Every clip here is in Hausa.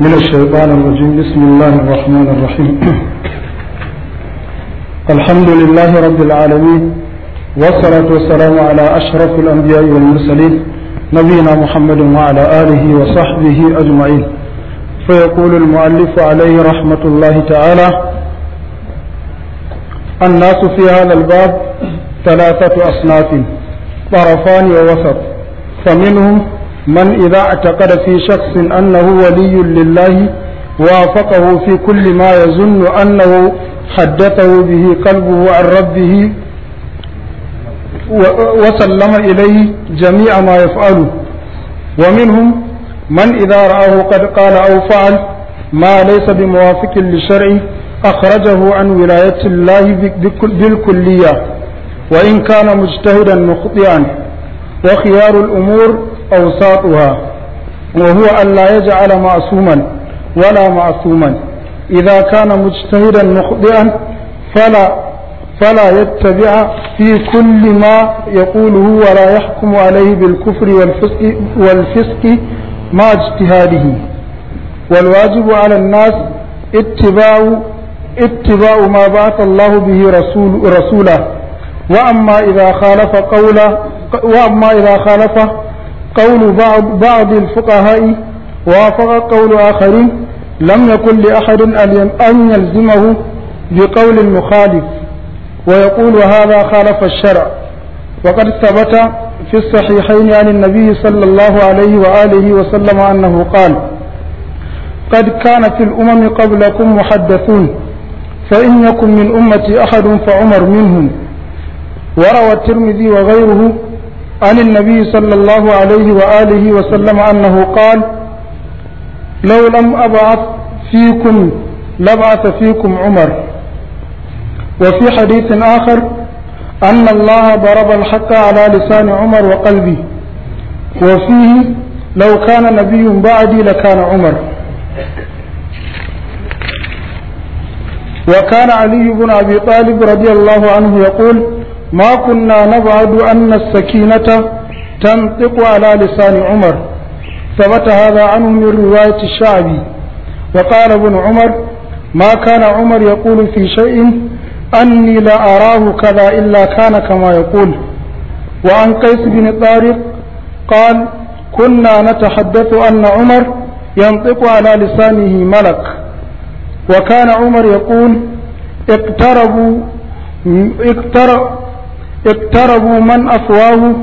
من الشيطان الرجيم بسم الله الرحمن الرحيم الحمد لله رب العالمين والصلاة والسلام على أشرف الأنبياء والمرسلين نبينا محمد وعلى آله وصحبه أجمعين فيقول المؤلف عليه رحمة الله تعالى الناس في هذا الباب ثلاثة أصناف طرفان ووسط فمنهم من إذا اعتقد في شخص أنه ولي لله وافقه في كل ما يظن أنه حدثه به قلبه عن ربه وسلم إليه جميع ما يفعله ومنهم من إذا رآه قد قال أو فعل ما ليس بموافق لشرعه أخرجه عن ولاية الله بالكلية وإن كان مجتهدا مخطئا وخيار الأمور أوساطها وهو أن لا يجعل معصوما ولا معصوما إذا كان مجتهدا مخضئا فلا فلا يتبع في كل ما يقوله ولا يحكم عليه بالكفر والفسق, والفسق مع اجتهاده والواجب على الناس اتباع اتباع ما بعث الله به رسول رسوله وأما إذا خالف قوله وأما إذا خالف قول بعض, بعض الفقهاء وافق قول آخرين لم يكن لأحد أن يلزمه بقول مخالف ويقول هذا خالف الشرع وقد ثبت في الصحيحين عن النبي صلى الله عليه وآله وسلم أنه قال قد كانت الأمم قبلكم محدثون فإن يكن من أمتي أحد فعمر منهم وروى الترمذي وغيره عن النبي صلى الله عليه وآله وسلم أنه قال لو لم أبعث فيكم لبعث فيكم عمر وفي حديث آخر أن الله ضرب الحق على لسان عمر وقلبي وفيه لو كان نبي بعدي لكان عمر وكان علي بن أبي طالب رضي الله عنه يقول ما كنا نبعد أن السكينة تنطق على لسان عمر ثبت هذا عنه من رواية الشعبي وقال ابن عمر ما كان عمر يقول في شيء أني لا أراه كذا إلا كان كما يقول وعن قيس بن طارق قال كنا نتحدث أن عمر ينطق على لسانه ملك وكان عمر يقول اقتربوا اقترب اقتربوا من أفواه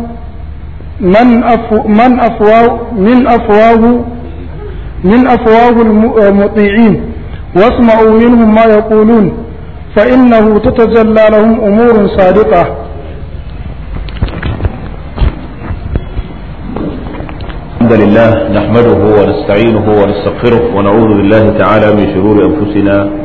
من أفو من أفواه من أفواه من أفواه المطيعين واسمعوا منهم ما يقولون فإنه تتجلى لهم أمور صادقة الحمد لله نحمده ونستعينه ونستغفره ونعوذ بالله تعالى من شرور أنفسنا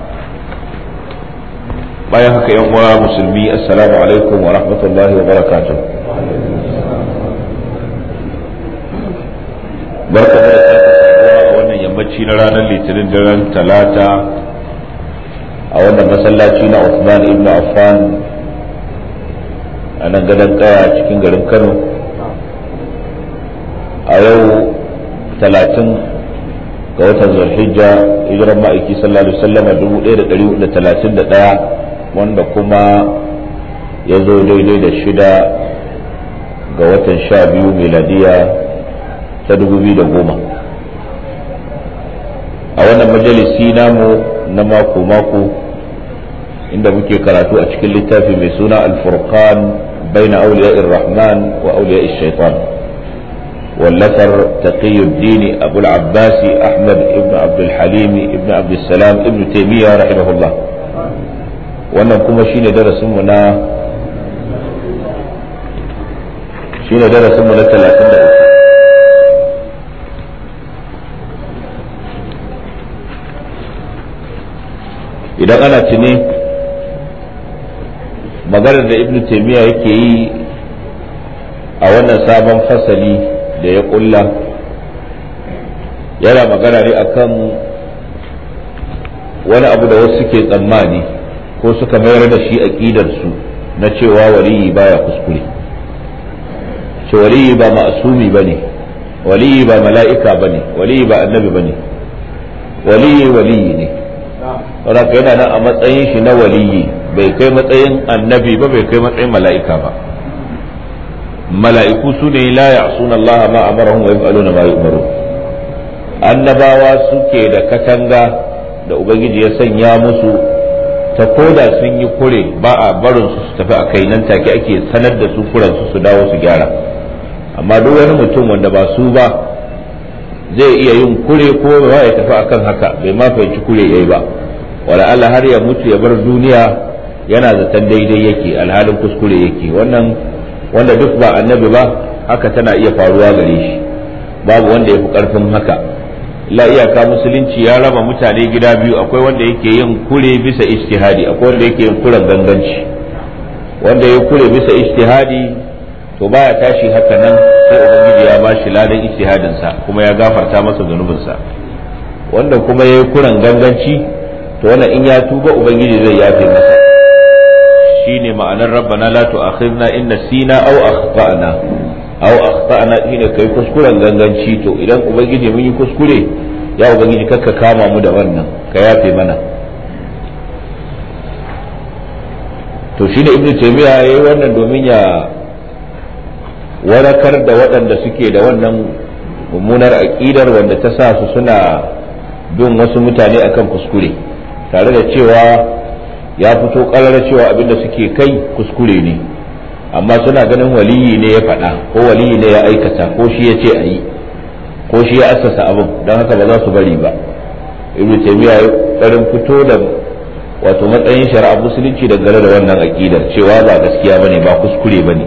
bayan haka yan uwa musulmi assalamu alaikum wa rahmatullahi wa barakatuh barka da a wannan yammaci na ranar litinin talata a wannan masallaci na Uthman ibn Affan a nan gadon kaya cikin garin Kano a yau talatin ga watan zulhijja hijiran ma'aiki sallallahu alaihi wasallam 1431 wanda kuma ya zo daidai da shida ga watan sha biyu miladiya ta dubu biyu da goma a wannan majalisi namu na mako-mako inda muke karatu a cikin littafi mai suna alfurkan baina auliya'ir rahman wa auliya'ir shaitan واللفر تقي الدين أبو العباس أحمد ابن عبد الحليم ابن عبد ibn ابن تيمية رحمه wannan kuma shine darasinmu na shine darasinmu na 33 idan ana tuni maganar da ibnu taimiyya yake yi a wannan sabon fasali da ya kulla yana magana ne akan wani abu da wasu ke tsammani ko suka mayar da shi aƙidarsu na cewa waliyi baya kuskure ce waliyi ba ma'asumi ba ne waliyi ba mala'ika ba ne waliyi ba annabi ba ne waliyi waliyi ne saboda yana nan a matsayin shi na waliyi bai kai matsayin annabi ba bai kai matsayin mala'ika ba mala'iku su ne la ya'suna Allah ma amarahum wa yaf'aluna ma yu'maru annabawa suke da katanga da ubangiji ya sanya musu ta koda sun yi kure ba a barin su su tafi a kai nan take ake sanar da su kuran su su dawo su gyara amma duk wani mutum wanda ba su ba zai iya yin kure ko ba ya tafi akan haka bai ma fahimci kure yayi ba wala Allah har ya mutu ya bar duniya yana zaton daidai yake alhalin kuskure yake wannan wanda duk ba annabi ba haka tana iya faruwa gare shi babu wanda ya fi karfin haka la iyaka musulunci ya raba mutane gida biyu akwai wanda yake yin kure bisa ijtihadi akwai wanda yake yin kuren ganganci wanda ya kure bisa ijtihadi to baya tashi haka nan sai ubangiji ya bashi ladan ijtihadin sa kuma ya gafarta masa zanubin sa wanda kuma yayi kuren ganganci to wannan in ya tuba ubangiji zai yafe masa shine ma'anar rabbana la tu'akhidna in nasina aw akhtana aw akhtana shine kai kuskuren ganganci to idan ubangiji mun yi kuskure ya ubangiji kakka kama mu da wannan ka yafe mana to shi da ibnu taymiya yayi wannan domin ya warakar da waɗanda suke da wannan mummunar aƙidar wanda ta sa su suna bin wasu mutane akan kuskure tare da cewa ya fito ƙarar cewa abinda suke kai kuskure ne amma suna ganin waliyi ne ya faɗa ko waliyi ne ya aikata ko shi ya ce a yi ko shi ya assasa abin don haka ba za su bari ba ibnu taymiya ya karin fito da wato matsayin shari'a musulunci dangane da wannan aqidar cewa ba gaskiya bane ba kuskure bane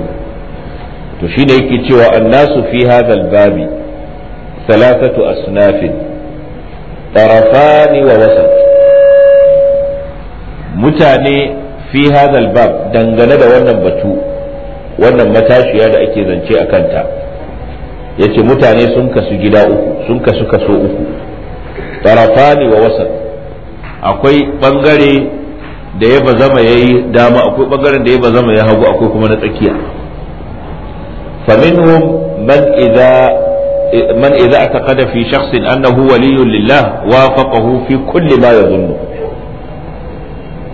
to shi da yake cewa annasu fi hadha babi thalathatu asnafin tarafani wa wasat mutane fi hadha bab dangane da wannan batu wannan matashiya da ake zance a kanta ya ce mutane sun kasu gida uku sun kasu kaso uku tarafani wa wasan akwai bangare da ya bazama ya yi dama akwai bangaren da ya bazama ya hagu akwai kuma na tsakiya famin man idza إذا من إذا اعتقد في شخص lillah wa لله وافقه fi kulli ما يظنه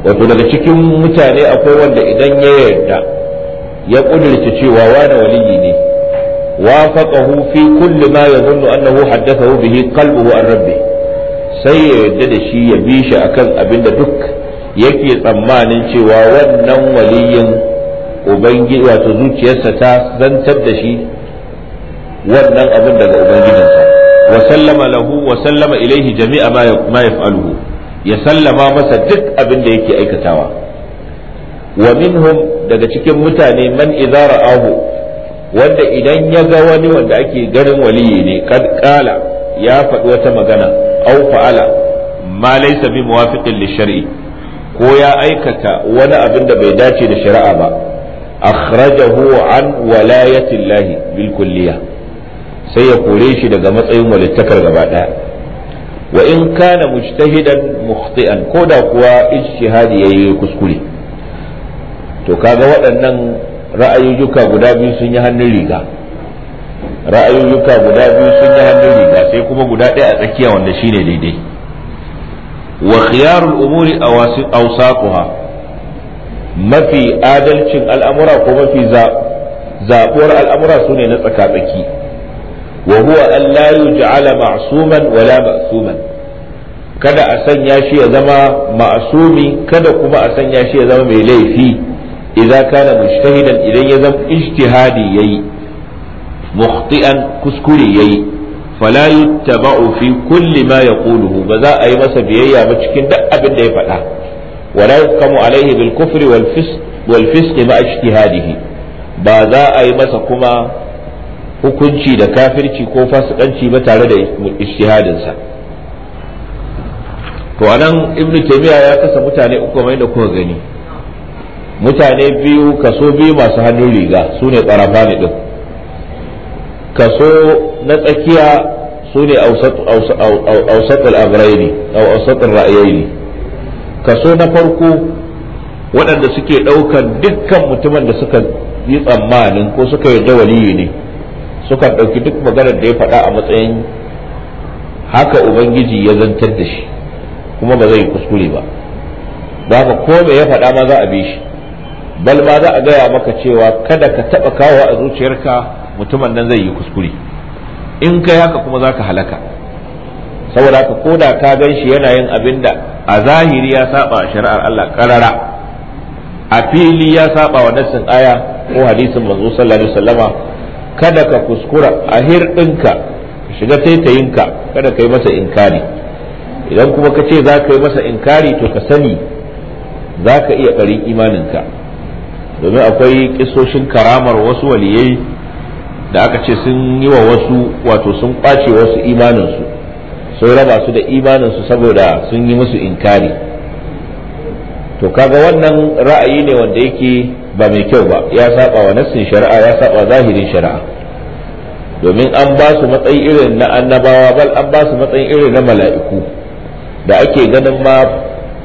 wato daga cikin mutane akwai wanda idan ya yarda ya ƙudurce cewa wani waliyi وافقه hufi كل ما يظن أنه حدثه به قلبه عن ربه sai ya yarda da shi ya bi shi akan abin da duk yake tsammanin cewa wannan waliyin zuciyarsa ta zantar da shi wannan abin daga ubangijinsa wa lahu wa ilaihi jami'a ma yaf'aluhu ya sallama masa duk abin da yake aikatawa wa minhum daga cikin mutane man idza ra'ahu wanda idan ya ga wani wanda ake ganin waliyi ne kad kala ya faɗi wata magana au fa'ala ma laysa bi muwafiqin shar'i ko ya aikata wani abin da bai dace da shari'a ba akhrajahu an walayati llahi bil kulliyah sai ya kore shi daga matsayin walittakar gaba daya wa in kana mujtahidan mukhti'an ko da kuwa ijtihadi yayi kuskure to kaga waɗannan ra'ayoyuka guda biyu sun yi hannun riga ra'ayoyuka guda biyu sun yi hannun riga sai kuma guda ɗaya a tsakiya wanda shine daidai wa khiyarul umuri awsaquha mafi adalcin al'amura ko mafi zaɓuwar al'amura sune na tsaka-tsaki wa huwa an la yuj'ala ma'suman wala ma'suman kada a sanya shi ya zama ma'asumi kada kuma a sanya shi ya zama mai laifi idza kana mujtahidan idan ya zama ijtihadi yayi mukhti'an kuskure yayi fala yuttaba'u fi kulli ma yaquluhu ba za a yi masa biyayya ba cikin duk abin da ya faɗa wala yukamu alaihi bil kufri wal fisq wal fisq ma ijtihadihi ba za a yi masa kuma hukunci da kafirci ko fasikanci ba tare da ijtihadinsa to anan ibnu taymiya ya kasa mutane uku mai da kuka gani mutane biyu kaso biyu masu hannun riga su ne ƙarafa ne ɗin kaso na tsakiya su ne ausatul amraini au ausatul kaso na farko waɗanda suke ɗaukan dukkan mutumin da suka yi tsammanin ko suka yi waliyu ne suka ɗauki duk maganar da ya faɗa a matsayin haka ubangiji ya zantar da shi kuma ba zai kuskure ba ba ko me ya faɗa ma za a bi shi bal ma za a gaya maka cewa kada ka taɓa kawo a zuciyarka mutumin nan zai yi kuskure in kai haka kuma za ka halaka saboda haka ko da ka gan shi yana yin abin da a zahiri ya saba shari'ar Allah karara a fili ya saba wa nassin aya ko hadisin manzo sallallahu alaihi wasallama kada ka kuskura a hirɗinka shiga taitayinka kada ka yi masa inkari idan kuma ka ce za ka yi masa inkari to ka sani za ka iya ɓarin imaninka domin akwai kisoshin karamar wasu waliyai da aka ce sun yi wa wasu wato sun kwace wasu imaninsu sun raba su da imaninsu saboda sun yi musu inkari to kaga wannan ra'ayi ne wanda yake ba mai kyau ba ya saba wa nassin shari'a ya saba zahirin shari'a domin an ba su matsayi irin na annabawa bal an ba su matsayi irin na mala'iku da ake ganin ma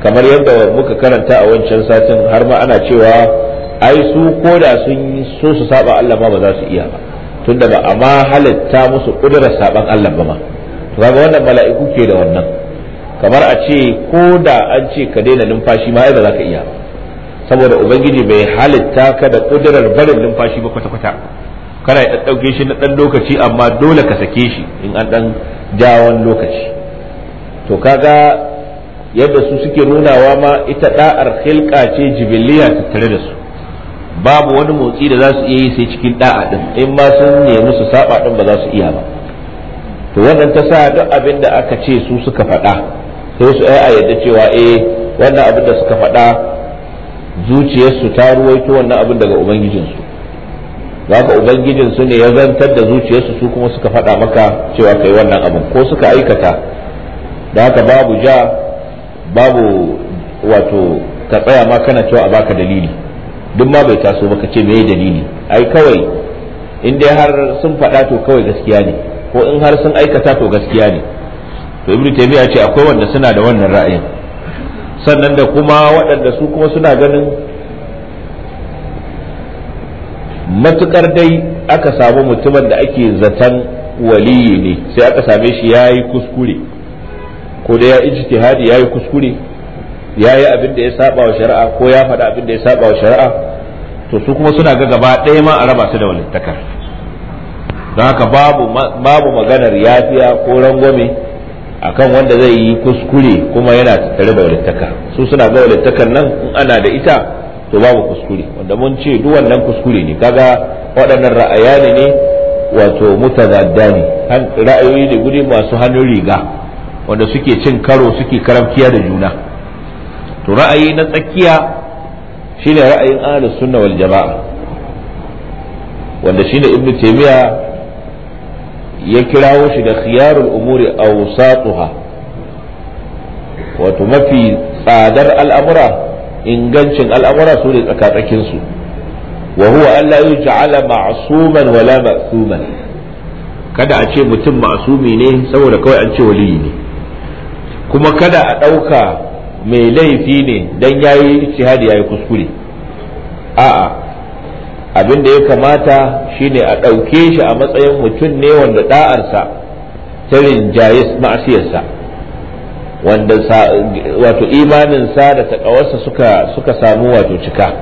kamar yadda muka karanta a wancan satin har ma ana cewa ai su koda sun yi so su saba Allah ma ba za su iya ba tunda ba amma halitta musu kudurar saban Allah ba ma to kaga wannan mala'iku ke da wannan kamar a ce ko da an ce ka daina numfashi ma ba za ka iya ba saboda ubangiji bai halitta ka da kudurar barin numfashi ba kwata kwata kana ɗauke shi na ɗan lokaci amma dole ka sake shi in an ɗan jawon lokaci to kaga yadda su suke nunawa ma ita da'ar khilqa ce jibiliya tattare da su babu wani motsi da za su iya yi sai cikin da'a din in ma sun nemi su saba din ba za su iya ba to wannan ta sa duk abin da aka ce su suka faɗa sai su ai a yadda cewa eh wannan abin da suka faɗa zuciyarsu ta ruwaito wannan abin daga ubangijinsu za ka ubangijinsu ne ya zantar da zuciyarsu su kuma suka faɗa maka cewa kai wannan abin ko suka aikata da haka babu ja babu wato ka tsaya ma kana cewa a baka dalili duk ma bai taso ba ka ce mai dalili ai kawai in dai har sun faɗa to kawai gaskiya ne ko in har sun aikata to gaskiya ne to ibnu taymiya ce akwai wanda suna da wannan ra'ayin sannan da kuma waɗanda su kuma suna ganin matukar dai aka samu mutumin da ake zaton waliyi ne sai aka same shi ya yi kuskure ko da ya ijtihadi ya yi kuskure ya yi abin da ya saba wa shari'a ko ya faɗa abin da ya saba wa shari'a to su kuma suna ga gaba ɗaya ma a raba su da walittakar don haka babu maganar yafiya ko rangwame kan wanda zai yi kuskure kuma yana tattare da walittaka su suna ga walittakar nan in ana da ita to babu kuskure wanda mun ce duk wannan kuskure ne kaga waɗannan ra'aya ne wato mutanaddani ra'ayoyi da guri masu hannun riga wanda suke cin karo suke karamkiya da juna to ra'ayi na tsakiya shine ra'ayin ahlus sunna wal jama'a wanda shine ibnu taymiya ya kirawo shi da khiyarul umuri awsatuha wato mafi tsadar al'amura ingancin al'amura su ne tsakatsakin su wa huwa an la yuj'ala ma'suman wala ma'suman kada a ce mutum ma'sumi ne saboda kawai an ce waliyi ne kuma kada a ɗauka mai laifi ne dan yayi ya yi kuskure a'a abin da ya kamata shine a ɗauke shi a matsayin mutum ne wanda ɗa'arsa ta rinjaye ma'asiyarsa wanda wato imaninsa da taƙawarsa suka suka samu wato cika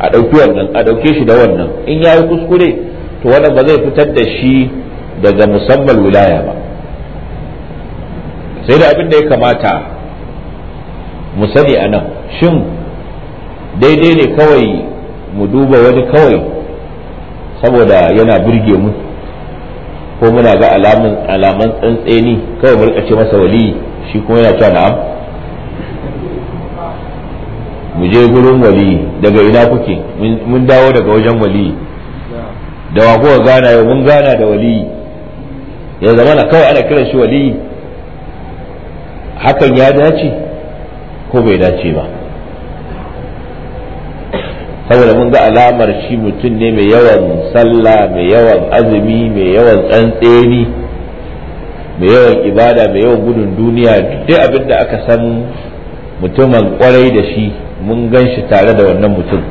a ɗauki wannan a ɗauke shi da wannan in ya yi kuskure to wannan ba zai fitar da shi daga musamman wilaya ba sai da abin da ya kamata mu sani a nan shin daidai ne kawai mu duba wani kawai saboda yana birge mu ko muna ga alaman tsantseni kawai mu ce masa wali shi kuma yana cewa na'am mu je gurin wali daga ina kuke mun dawo daga wajen wali da wa gana yau mun gana da wali ya zama na kawai ana kiran shi wali hakan ya dace ko bai dace ba saboda mun ga alamar shi mutum ne mai yawan sallah mai yawan azumi mai yawan tsantseni mai yawan ibada mai yawan gudun duniya duk abin da aka san mutumin kwarai da shi mun gan shi tare da wannan mutum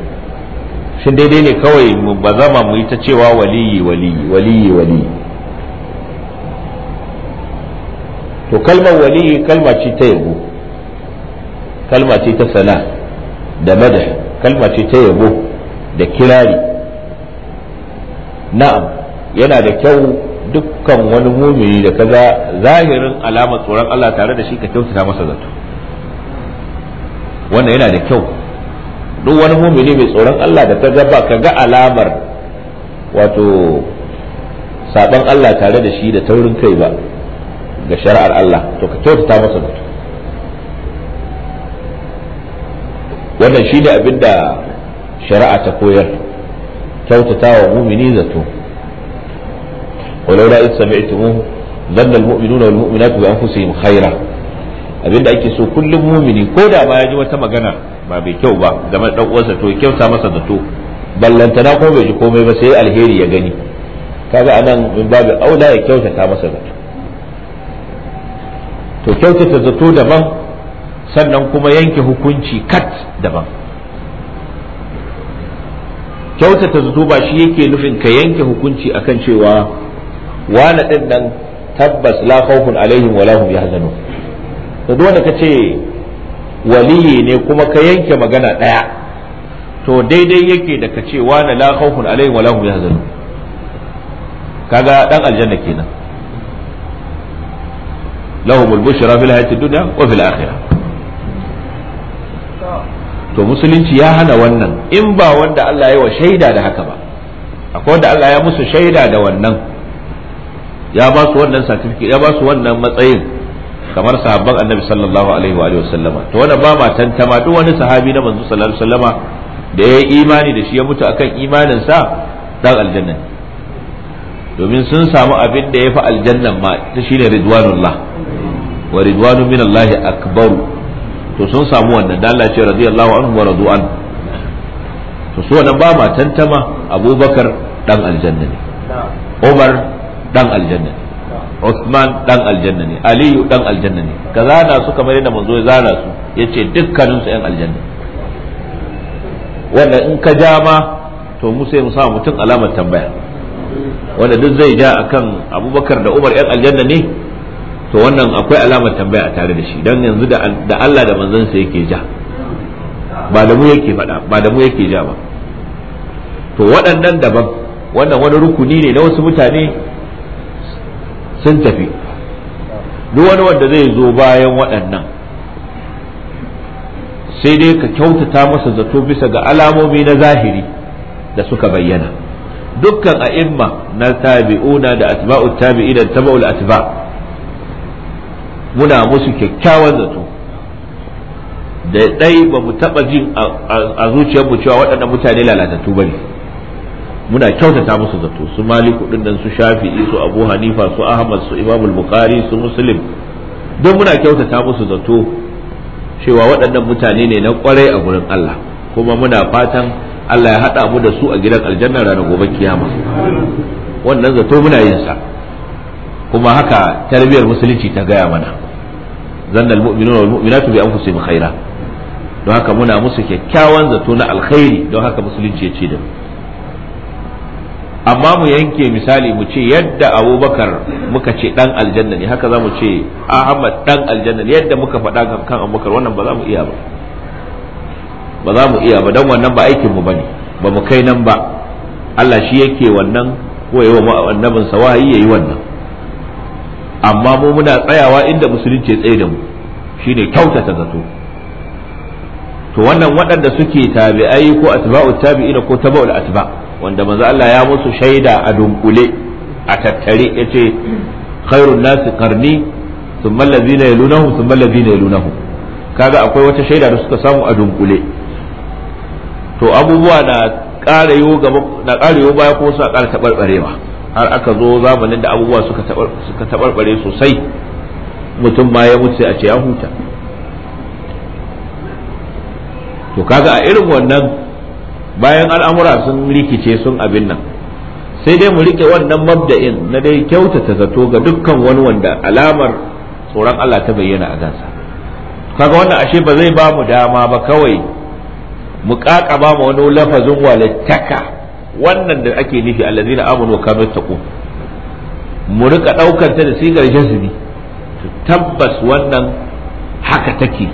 shi daidai ne kawai ba zama mu yi ta cewa waliyi waliyi waliyi waliyi to kalmar waliyi kalma ce ta yabo kalma ce ta sana da madah kalma ce ta yabo da kirari na'am yana da kyau dukkan wani mumini da kaza zahirin alamar tsoron Allah tare da shi ka kyautata masa zato wannan yana da kyau duk wani mumini mai tsoron Allah da kaza ba ka ga alamar wato saban Allah tare da shi da taurin kai ba ga shari'ar Allah to ka kyautata masa zato wannan ne abin da shari'a ta koyar kyautata wa mumini zato ولولا إذ سمعتموه ظن المؤمنون والمؤمنات بأنفسهم خيرا abinda ake so kullum mumini ko da ba ya ji wata magana ba bai kyau ba game da uwansa to ya kyauta masa zato ballantana ko bai ji komai ba sai alheri ya gani kaga anan min babu aula ya kyautata masa zato to kyautata zato daban sannan kuma yanke hukunci kat daban kyautata zuto ba shi yake nufin ka yanke hukunci akan cewa wane ɗin nan tabbas la khawfun alaihim wala hum yahzanun to dole ka ce waliyi ne kuma ka yanke magana ɗaya to daidai yake da ka ce wane la khawfun alaihim wala hum yahzanun kaga ɗan aljanna kenan lahumul bushra fil hayati dunya wa fil akhirah to musulunci ya hana wannan in ba wanda Allah ya wa shaida da haka ba akwai wanda Allah ya musu shaida da wannan ya ba su wannan certificate ya ba su wannan matsayin kamar sahabban annabi sallallahu alaihi wa sallama to wannan ba ma tantama duk wani sahabi na manzo sallallahu alaihi sallama da ya yi imani da shi ya mutu akan imanin sa dan aljanna domin sun samu abin da ya fi aljannan ma ta shine ridwanullah wa ridwanu minallahi akbaru to sun samu wannan da Allah ce radiyallahu anhu wa radu'an to su wannan ba ma tantama abubakar dan aljanna ne umar dan aljanna ne Uthman dan aljanna ne Aliyu dan aljanna ne ka zana su kamar yadda manzo ya zana su yace dukkanin su yan aljanna wanda in ka ja ma to mu sai mu sa mutum alamar tambaya wanda duk zai ja akan Abubakar da Umar yan aljanna ne to wannan akwai alamar tambaya a tare da shi don yanzu da Allah da manzansa yake ja ba da mu yake faɗa ba da mu yake ja ba to waɗannan daban wannan wani rukuni ne na wasu mutane sun tafi duk wani wanda zai zo bayan waɗannan sai dai ka kyautata masa zato bisa ga alamomi na zahiri da suka bayyana dukkan a'imma na tabi'una da atba'ut tabi'ina da tabi'ul atba' muna musu kyakkyawan zato da ɗai ba mu taɓa jin a zuciyarmu cewa waɗannan mutane lalatattu ba ne muna kyautata musu zato su maliku ɗin nan su shafi su abu hanifa su ahmad su imamul bukari su muslim don muna kyautata musu zato cewa waɗannan mutane ne na ƙwarai a gurin allah kuma muna fatan allah ya haɗa mu da su a gidan aljanna ranar gobe kiyama wannan zato muna yin sa kuma haka tarbiyyar musulunci ta gaya mana zanna almu'minuna wal mu'minatu bi anfusihim khaira don haka muna musu kyakkyawan zato na alkhairi don haka musulunci ya ce da amma mu yanke misali mu ce yadda abubakar muka ce dan aljanna ne haka za mu ce ahmad dan aljanna ne yadda muka faɗa kan abubakar wannan ba za mu iya ba ba za mu iya ba dan wannan ba aikin mu bane ba mu kai nan ba Allah shi yake wannan ko yawa annabin sa wahayi yayi wannan amma mu muna tsayawa inda musulunci ya tsaye da mu shine kyautata zato to wannan waɗanda suke tabi'ai ko atba'u tabi'ina ko tabaul atba wanda manzo Allah ya musu shaida a dunkule a tattare yace khairun nasi qarni thumma allazina yalunahum thumma allazina yalunahum kaga akwai wata shaida da suka samu a dunkule to abubuwa na ƙara gaba na ƙara baya ko su ƙara taɓarɓarewa har aka zo zamanin da abubuwa suka tabarbare sosai mutum ma ya mutu a ce ya huta to kaga a irin wannan bayan al'amura sun rikice sun abin nan sai dai mu rike wannan mabda'in na dai kyautata zato ga dukkan wani wanda alamar tsoron Allah ta bayyana a gansa kaga wannan ashe ba zai ba mu dama ba kawai mu ba ma wani lafazin walittaka wannan da ake nufi allazina amanu wa ta yattaqun mu rika daukar ta da sigar jazmi tabbas wannan haka take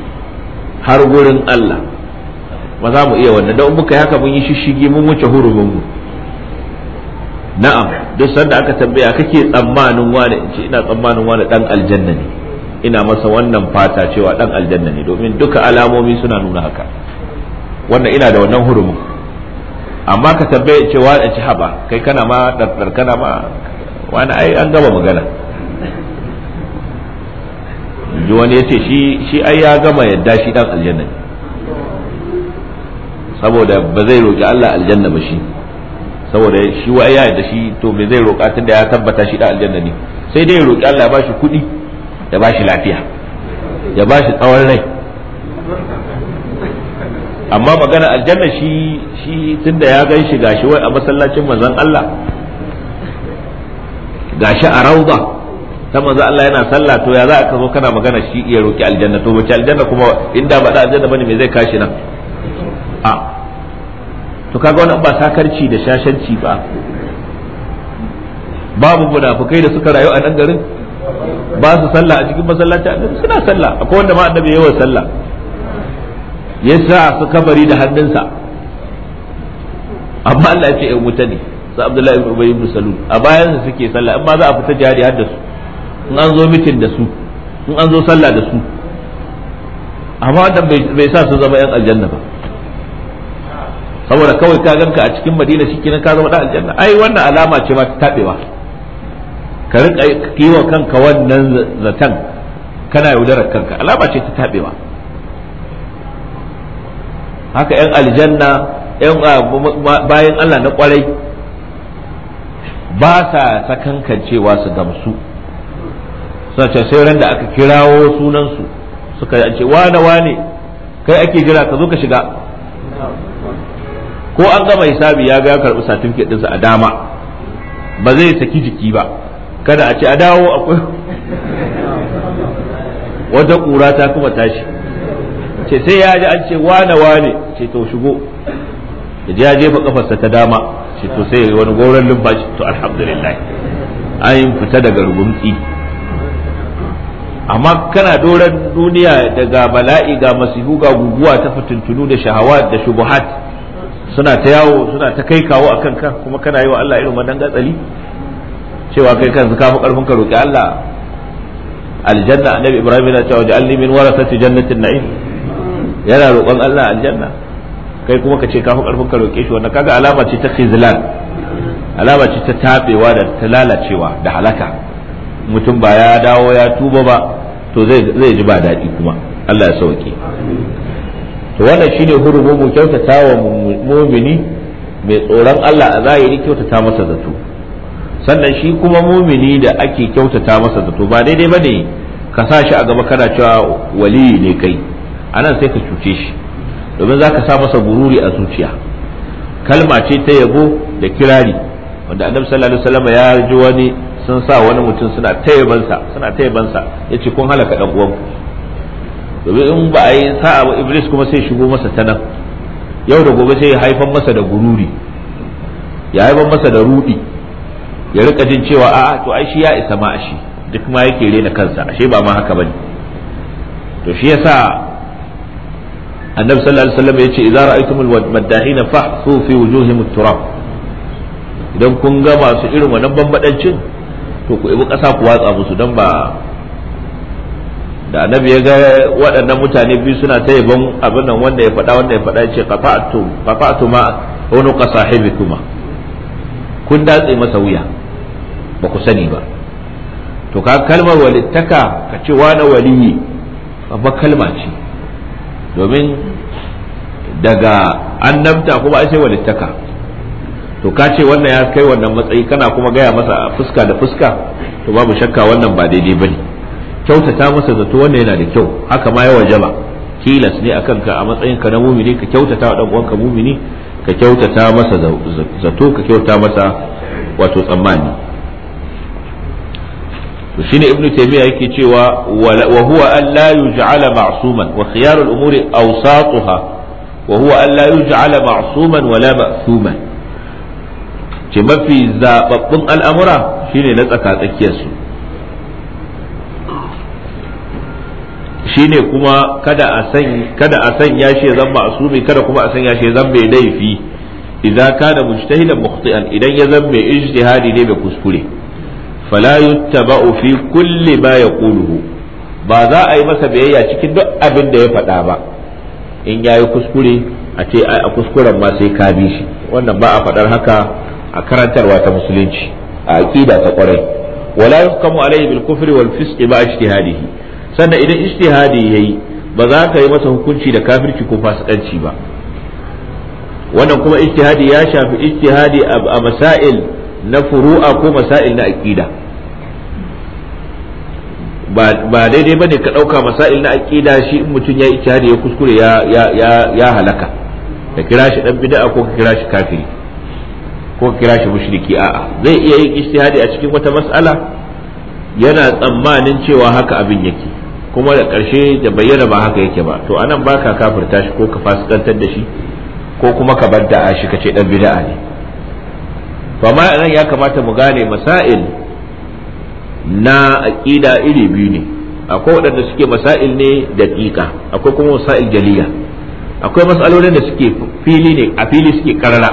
har gurin Allah ba za mu iya wannan don muka yi haka mun yi shishigi mun wuce hurumin mu na'am duk sanda aka tambaya kake tsammanin wani in ce ina tsammanin wani dan aljanna ne ina masa wannan fata cewa dan aljanna ne domin duka alamomi suna nuna haka wannan ina da wannan hurumin amma ka tambaye cewa wa ci haba kai kana ma ɗarɗar kana ma wani ai an gama magana ji wani ya ce shi ai ya gama yadda shi ɗan aljanna ne saboda ba zai roƙi Allah aljanna ba shi saboda shi wa ya yadda shi to me zai roƙa tun da ya tabbata shi ɗan aljanna ne sai dai ya roƙi Allah ya bashi kuɗi ya bashi lafiya ya bashi tsawon rai amma magana aljanna shi shi tunda ya gan shi gashi wai a masallacin manzon Allah gashi a rauda ta manzon Allah yana sallah to ya za ka zo kana magana shi iya roki aljanna to wace aljanna kuma inda ba da aljanna bane me zai kashi nan a to kaga wannan ba sakarci da shashanci ba babu munafukai da suka rayu a nan garin ba su sallah a cikin masallaci suna sallah akwai wanda ma annabi yawan sallah ya sa su kabari da hannunsa amma Allah ya ce in wuta ne sa Abdullahi ibn Ubay ibn Salul a bayan su suke sallah in za a fita jihadi har da su in an zo mitin da su in an zo sallah da su amma wannan bai sa su zama yan aljanna ba saboda kawai ka ganka a cikin Madina kenan ka zama dan aljanna ai wannan alama ce ma ta tabewa ka rika kiwon kanka wannan zaton kana yaudarar kanka alama ce ta tabewa haka yan aljanna yan ah, bayan Allah na kwarai ba sa sakankancewa su gamsu suna sai ran da aka kirawo sunansu suka ce wane wane kai ake jira ka zo ka shiga ko an gama hisabi ya ga karɓi satifiket ɗinsa a dama ba zai saki jiki ba kada a ce a dawo akwai wata ƙura ta kuma tashi ce sai ya ji an ce wane wane ce to shigo ya ji ya jefa kafarsa ta dama ce to sai wani goron lumfashi to alhamdulillah an yi fita daga rugumti amma kana doron duniya daga bala'i ga masihu ga guguwa ta fatuntunu da shahawa da shubuhat suna ta yawo suna ta kai kawo a kanka kuma kana yi wa Allah irin wannan gatsali cewa kai kan ka karfin ka roki Allah aljanna annabi ibrahim yana cewa ja'alni min warasati jannatin na'im yana roƙon Allah aljanna kai kuma ka ce ka fi ƙarfin ka roƙe shi wannan kaga alama ce ta khizlan alama ce ta tabewa da ta lalacewa da halaka mutum ba ya dawo ya tuba ba to zai ji ba daɗi kuma Allah ya sauke to wannan shine hurumin mu kyautata wa mumini mai tsoron Allah a zahiri kyautata masa zato sannan shi kuma mumini da ake kyautata masa zato ba daidai bane ka sa shi a gaba kana cewa wali ne kai A nan sai ka cuce shi domin za ka sa masa gururi a zuciya kalma ce ta yabo da kirari wanda annabi sallallahu alaihi wasallam ya ji wani sun sa wani mutum suna tayyabansa suna tayyabansa yace kun halaka dan uwanku domin in ba a yi sa'a ba iblis kuma sai shigo masa ta nan yau da gobe sai ya haifan masa da gururi ya haifan masa da rudi ya rika jin cewa a'a to ai shi ya isa ma a shi duk ma yake rena kansa ashe ba ma haka bane to shi yasa annabi sallallahu alaihi wasallam yace idza ra'aytumul fa fahsu fi wujuhihim turab idan kun ga masu irin wannan bambadancin to ku ibi kasa ku watsa musu dan ba da annabi ya ga waɗannan mutane biyu suna ta yabon abin nan wanda ya faɗa wanda ya faɗa yace qafa'tu qafa'tu ma qasahibikuma kun datse masa wuya ba ku sani ba to ka kalmar walittaka ka ce wani waliyi ba kalma ce domin daga annabta kuma an sai walittaka to ka ce wannan ya kai wannan matsayi kana kuma gaya masa fuska da fuska to babu shakka wannan ba daidai bane kyautata masa zato wannan yana da kyau haka ma ya jama kilas ne akan ka a matsayin ka na mumini ka kyautata wa dan ka mumini ka kyautata masa zato ka kyauta masa wato tsammani to shine ibnu taymiya yake cewa wa huwa an la yuj'ala ma'suman wa khiyarul umuri awsatuha wa huwa an la yuj'ala ma'suman wa la ma'suman ce mafi zababbun al'amura shine na tsaka tsakiyar su shine kuma kada a san kada a sanya shi zan ma'sumi kada kuma a sanya shi zan mai laifi idan kana mujtahidan mukhti'an idan ya zan mai ijtihadi ne bai kuskure فلا يتبع في كل ما يقوله ba za a yi masa biyayya cikin duk abin da ya faɗa ba in yayi kuskure a ce a kuskuren ma sai ka bi shi wannan ba a faɗar haka a karantarwa ta musulunci a aqida ta kwarai wala yuhkamu alayhi bil kufri wal fisqi ba ijtihadihi sannan idan ijtihadi yayi ba za ka yi masa hukunci da kafirci ko fasikanci ba wannan kuma ijtihadi ya shafi ijtihadi a masail na furu'a ko masail na aqida ba daidai bane ka ɗauka masail na aqida shi in mutum ya ijtihadi ya kuskure ya ya ya halaka ka kira shi dan bid'a ko ka kira shi kafiri ko ka kira shi mushriki a'a zai iya yin ijtihadi a cikin wata mas'ala yana tsammanin cewa haka abin yake kuma da ƙarshe da bayyana ba haka yake ba to anan baka kafirta shi ko ka fasikantar da shi ko kuma ka bar da'a shi ka ce dan bid'a ne Fa nan ya kamata mu gane masail na aƙida iri biyu ne akwai waɗanda suke masail ne da daƙiƙa akwai kuma masail jaliya akwai matsalolin da suke fili ne a fili suke karara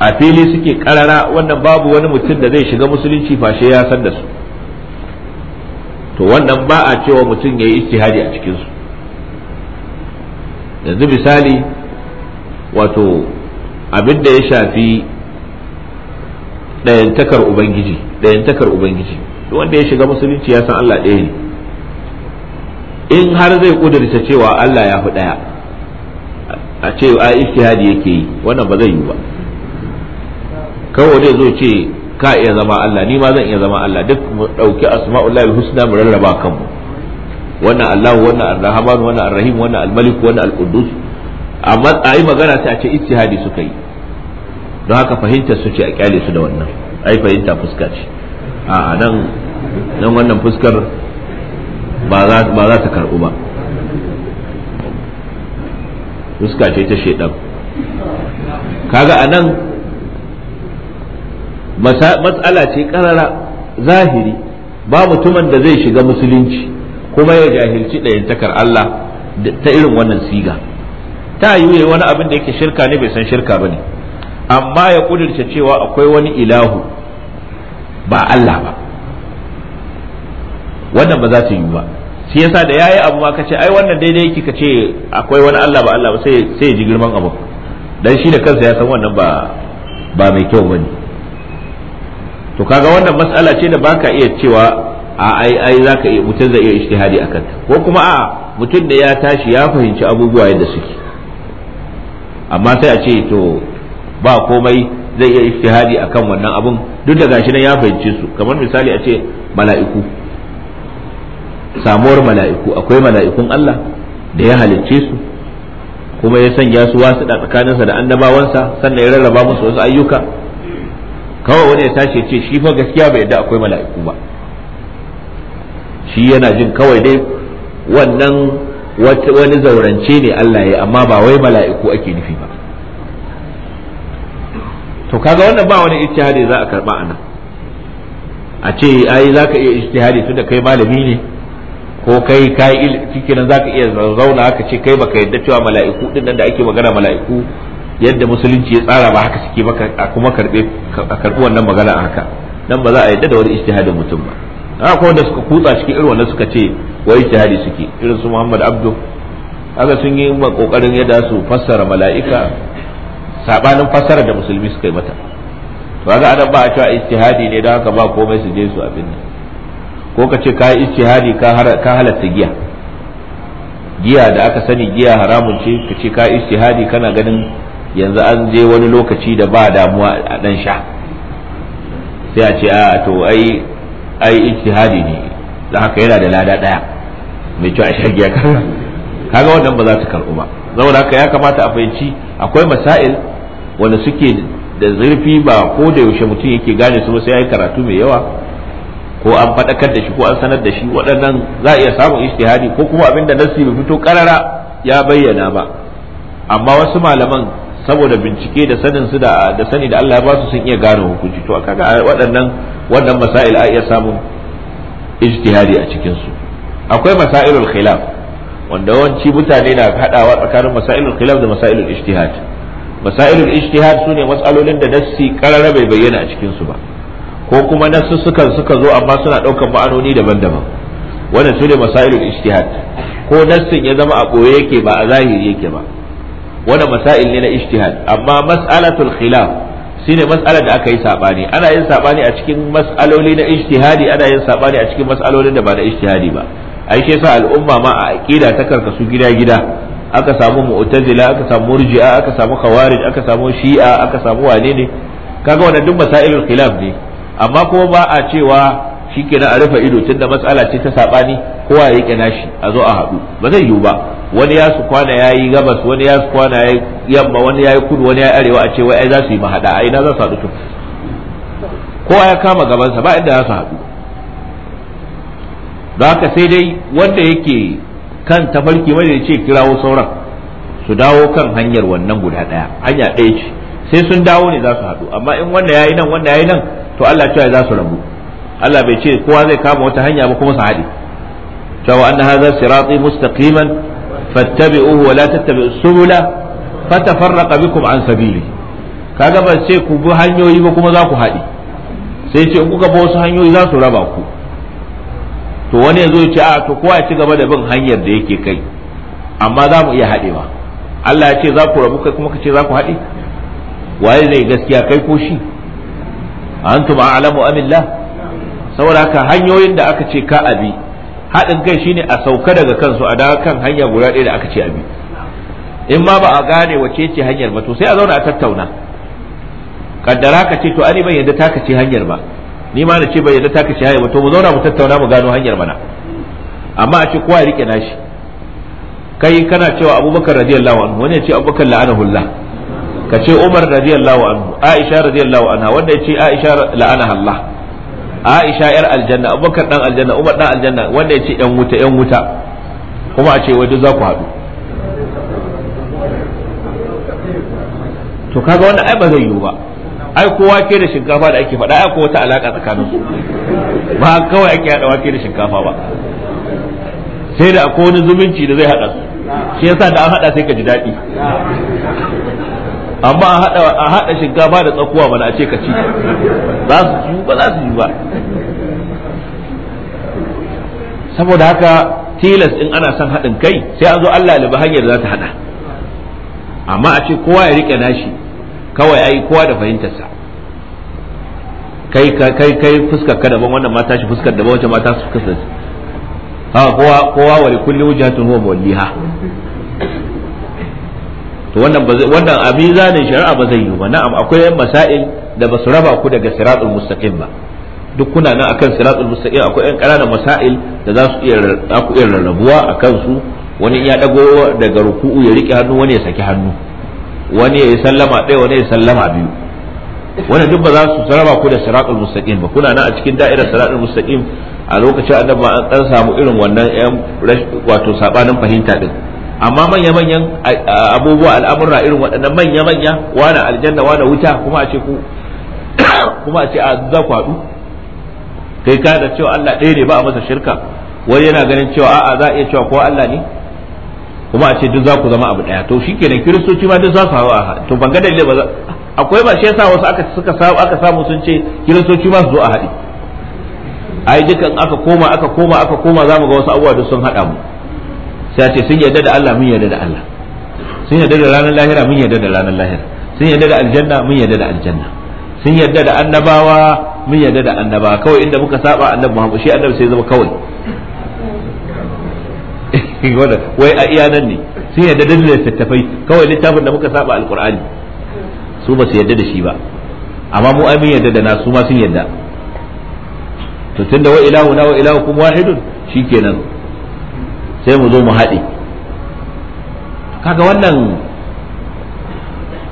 a fili suke karara wannan babu wani mutum da zai shiga musulunci fashe ya san da su to wannan ba a cewa mutum ya yi istihadi a cikinsu yanzu misali wato abin da ya shafi ɗayantakar ubangiji ɗayantakar ubangiji wanda ya shiga musulunci ya san Allah ɗaya ne in har zai kudurta cewa Allah ya fi ɗaya a ce a ijtihadi yake yi wannan ba zai yi ba kawai dai zo ce ka iya zama Allah ni ma zan iya zama Allah duk mu ɗauki asma'ullahi husna mu rarraba kanmu wannan Allah wannan arrahman wannan arrahim rahim wannan al wannan al amma a yi magana sai a ce ijtihadi suka yi don haka fahimtar su ce a kyale su da wannan ai fahimta fuska ce a nan nan wannan fuskar ba za ta karɓu ba fuska ce ta shaidan kaga a nan matsala ce karara zahiri ba mutumin da zai shiga musulunci kuma ya jahilci ɗayantakar Allah ta irin wannan siga ta yi wani abin da yake shirka ne bai san shirka bane amma ya kudirce cewa akwai wani ilahu ba Allah ba wannan ba za ta yi ba shi yasa da yayi abu ma ce ai wannan daidai yake ce akwai wani Allah ba Allah ba sai sai ya ji girman abu dan shi da kansa ya san wannan ba ba mai kyau bane to kaga wannan mas'ala ce da baka iya cewa a ai ai zaka iya mutum zai iya ijtihadi akan ko kuma a mutum da ya tashi ya fahimci abubuwa yadda suke amma sai a ce to ba komai zai iya a akan wannan abun duk da gashi nan ya fahimce su kamar misali a ce mala'iku samuwar mala'iku akwai mala'ikun Allah da ya halicce su kuma ya sanya su wasu da tsakaninsa da annabawansa sannan ya rarraba musu wasu ayyuka kawai wani ya tashi ce shi fa gaskiya bai yadda akwai mala'iku ba shi yana jin kawai dai wannan wani zaurance ne Allah ya amma ba wai mala'iku ake nufi ba to kaga wannan ba wani ijtihadi za a karba anan a ce ai za ka iya ijtihadi tunda kai malami ne ko kai kai cikin za ka iya zauna haka ce kai baka yadda cewa mala'iku din nan da ake magana mala'iku yadda musulunci ya tsara ba haka suke ba a kuma karbe a karbi wannan magana haka nan ba za a yadda da wani ijtihadin mutum ba haka wanda suka kutsa cikin irin wannan suka ce wa ijtihadi suke irin su Muhammad Abdu haka sun yi ma kokarin yadda su fassara mala'ika sabanin fassara da musulmi suka yi mata to haka adam ba a cewa ijtihadi ne don haka ba komai su je su abin nan ko ka ce ka ijtihadi ka halatta giya giya da aka sani giya haramun ce ka ce ka ijtihadi kana ganin yanzu an je wani lokaci da ba damuwa a dan sha sai a ce a to ai ai ijtihadi ne da haka yana da lada daya mai cewa shagi ya kaga wannan ba za ta karbu ba saboda haka ya kamata a fahimci akwai masail wanda suke da zurfi ba ko da yaushe mutum yake gane su sai ya yi karatu mai yawa ko an faɗakar da shi ko an sanar da shi waɗannan za a iya samun ishtihadi ko kuma abin da nasi bai fito karara ya bayyana ba amma wasu malaman saboda bincike da sanin su da sani da Allah ya ba su sun iya gane hukunci to kaga waɗannan wannan masail a iya samun ijtihadi a cikin akwai masailul khilaf wanda yawanci mutane na hadawa tsakanin masailul khilaf da masailul ijtihad masailul ijtihad sune matsalolin da nassi karara bai bayyana a cikin ba ko kuma nassu sukan suka zo amma suna daukan ma'anoni daban-daban wannan sune masailul ijtihad ko nassin ya zama a boye yake ba a zahiri yake ba wannan masail ne na ijtihad amma mas'alatul khilaf shine mas'alar da aka yi sabani ana yin sabani a cikin mas'aloli na ijtihadi ana yin sabani a cikin mas'alolin da ba na ijtihadi ba ai shi yasa al'umma ma a aqida ta karkasu gida gida aka samu mu'tazila aka samu murji'a aka samu khawarij aka samu shi'a aka samu wane ne kaga wannan duk masailul khilaf ne amma kuma ba a cewa shikenan a rufe ido tunda mas'ala ce ta sabani kowa ya yi shi a zo a haɗu ba zai yiwu ba wani ya su kwana ya yi gabas wani ya su kwana ya yi yamma wani ya yi kudu wani ya yi arewa a ce wai ai za su yi mahaɗa ai na za su haɗu tun kowa ya kama gabansa ba inda za su haɗu don haka sai dai wanda yake kan tafarki mai ce kirawo sauran su dawo kan hanyar wannan guda ɗaya hanya ɗaya ce sai sun dawo ne za su haɗu amma in wanda ya yi nan wanda ya yi nan to Allah cewa za su rabu Allah bai ce kowa zai kama wata hanya ba kuma su haɗe cewa an hadha sirati mustaqiman fattabi'uhu wa la tattabi'u subula fatafarraqa bikum an sabili kaga ba ce ku bi hanyoyi ba kuma za ku haɗi sai ce in kuka bi wasu hanyoyi za su raba ku to wani yazo ya ce a to kowa ya ci gaba da bin hanyar da yake kai amma za mu iya haɗewa Allah ya ce za ku rabu kai kuma ka ce za ku haɗe waye ne gaskiya kai ko shi antum a'lamu amillah saboda haka hanyoyin da aka ce ka abi haɗin kai shine a sauka daga kansu a dawo kan hanya guda ɗaya da aka ce abi in ma ba a gane wace ce hanyar ba to sai a zauna a tattauna kaddara ka ce to ani bai yadda taka ce hanyar ba ni ma na ce bai yadda taka ce hanyar ba to mu zauna mu tattauna mu gano hanyar mana amma a ce kowa ya rike nashi kai kana cewa abubakar radiyallahu anhu wani ya ce abubakar la'anahullah ka ce umar radiyallahu anhu aisha radiyallahu anha wanda ya ce aisha Allah Aisha yar aljanna Abubakar dan aljanna Umar dan aljanna wanda ya ce yan wuta yan wuta kuma a ce wai duk za ku haɗu to kaga wannan ai ba zai yiwu ba ai kowa ke da shinkafa da ake faɗa ai ko wata alaka tsakanin su ba kawai ake haɗa wake da shinkafa ba sai da akwai wani zumunci da zai haɗa su shi yasa da an haɗa sai ka ji daɗi amma a hada a hada shinkafa da tsakuwa mana a ce ka ci za su ci ba za su yi ba saboda haka tilas in ana son haɗin kai sai an zo Allah liba hanyar za ta haɗa amma a ce kowa ya riƙe nashi kawai ai kowa da fahimtarsa kai kai kai fuskar ka daban wannan mata shi fuskar daban wacce mata su fuskar ha kowa kowa wa kulli wujhatun huwa mawliha to wannan ba wannan a shari'a ba zai yi ba na'am akwai masail da ba su raba ku daga siratul mustaqim ba duk kuna nan akan siratul mustaqim akwai ƴan ƙananan masail da za su iya ku iya rarrabuwa akan su wani ya dago daga ruku'u ya rike hannu wani ya saki hannu wani ya yi sallama ɗaya wani ya sallama biyu wannan duk ba za su raba ku da siratul mustaqim ba kuna nan a cikin da'irar siratul mustaqim a lokacin annabi an samu irin wannan wato sabanin fahimta din amma manya manyan abubuwa al'amurra irin waɗannan manya manya wani aljanna wani wuta kuma a ce ku kuma a ce a za ku haɗu kai ka da cewa Allah ɗaya ne ba a masa shirka wani yana ganin cewa a'a za a iya cewa ko Allah ne kuma a ce duk za ku zama abu ɗaya to shi kenan kiristoci ma duk za su hawa a to ban ga dalilai ba akwai ba shi yasa wasu aka suka samu aka samu sun ce kiristoci ma su zo a haɗe ai dukan aka koma aka koma aka koma za mu ga wasu abubuwa duk sun haɗa mu ta ce sun yarda da Allah mun yarda da Allah sun yarda da ranar lahira mun yarda da ranar lahira sun yarda da aljanna mun yarda da aljanna sun yarda da annabawa mun yarda da annabawa kawai inda muka saba annabi Muhammad shi annabi sai zama kawai wai a iya nan ne sun yarda da littattafai kawai littafin da muka saba alqur'ani su ba su yarda da shi ba amma mu amin yarda da nasu ma sun yarda to tunda wa ilahu na wa ilahu kuma wahidun shikenan sai mu zo mu haɗe kaga wannan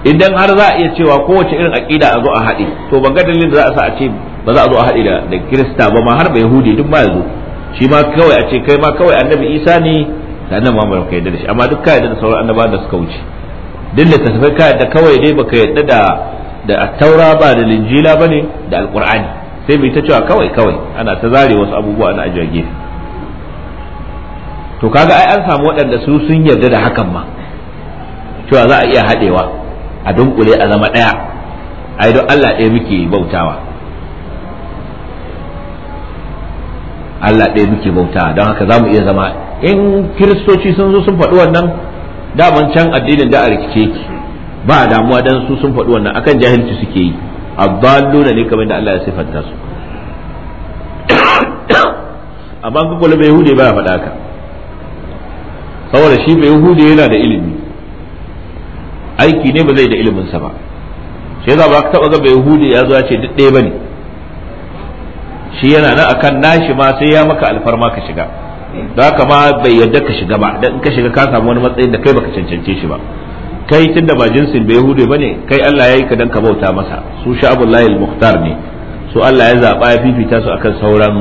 idan har za a iya cewa kowace irin aƙida a zo a haɗe to ban ga dalilin da za a sa a ce ba za a zo a haɗe da kirista ba ma har ba yahudi duk ba ya zo shi ma kawai a ce kai ma kawai annabi isa ne da annabi muhammad ka yadda da shi amma duk ka yadda da sauran annaba da suka wuce duk da tafai ka yadda kawai dai ka yadda da da taura ba da linjila ne da Alƙur'ani, sai mu ta cewa kawai kawai ana ta zare wasu abubuwa ana ajiyar gefe to kaga ai an samu waɗanda su sun yarda da hakan ma cewa za a iya haɗewa a dunkule a zama ɗaya ai don Allah ɗaya muke bautawa Allah ɗaya muke bautawa don haka za mu iya zama in kiristoci sun zo sun faɗi wannan daman can addinin da a rikice ki ba damuwa dan su sun faɗi wannan akan jahilci suke yi abdalluna ne kamar da Allah ya sifanta su amma kuma bai hude ba ya faɗa haka saboda shi mai hude yana da ilimi aiki ne ba zai da ilimin sa ba shi yasa ba ka taba ga mai hude ya zo ya ce duk ɗaya bane shi yana nan akan nashi ma sai ya maka alfarma ka shiga da haka ma bai yarda ka shiga ba dan in ka shiga ka samu wani matsayin da kai baka cancance shi ba kai tun da ba jinsin bai hude ne kai Allah ya yi ka dan ka bauta masa su sha'abullahi al muhtar ne su Allah ya zaba ya fifita su akan sauran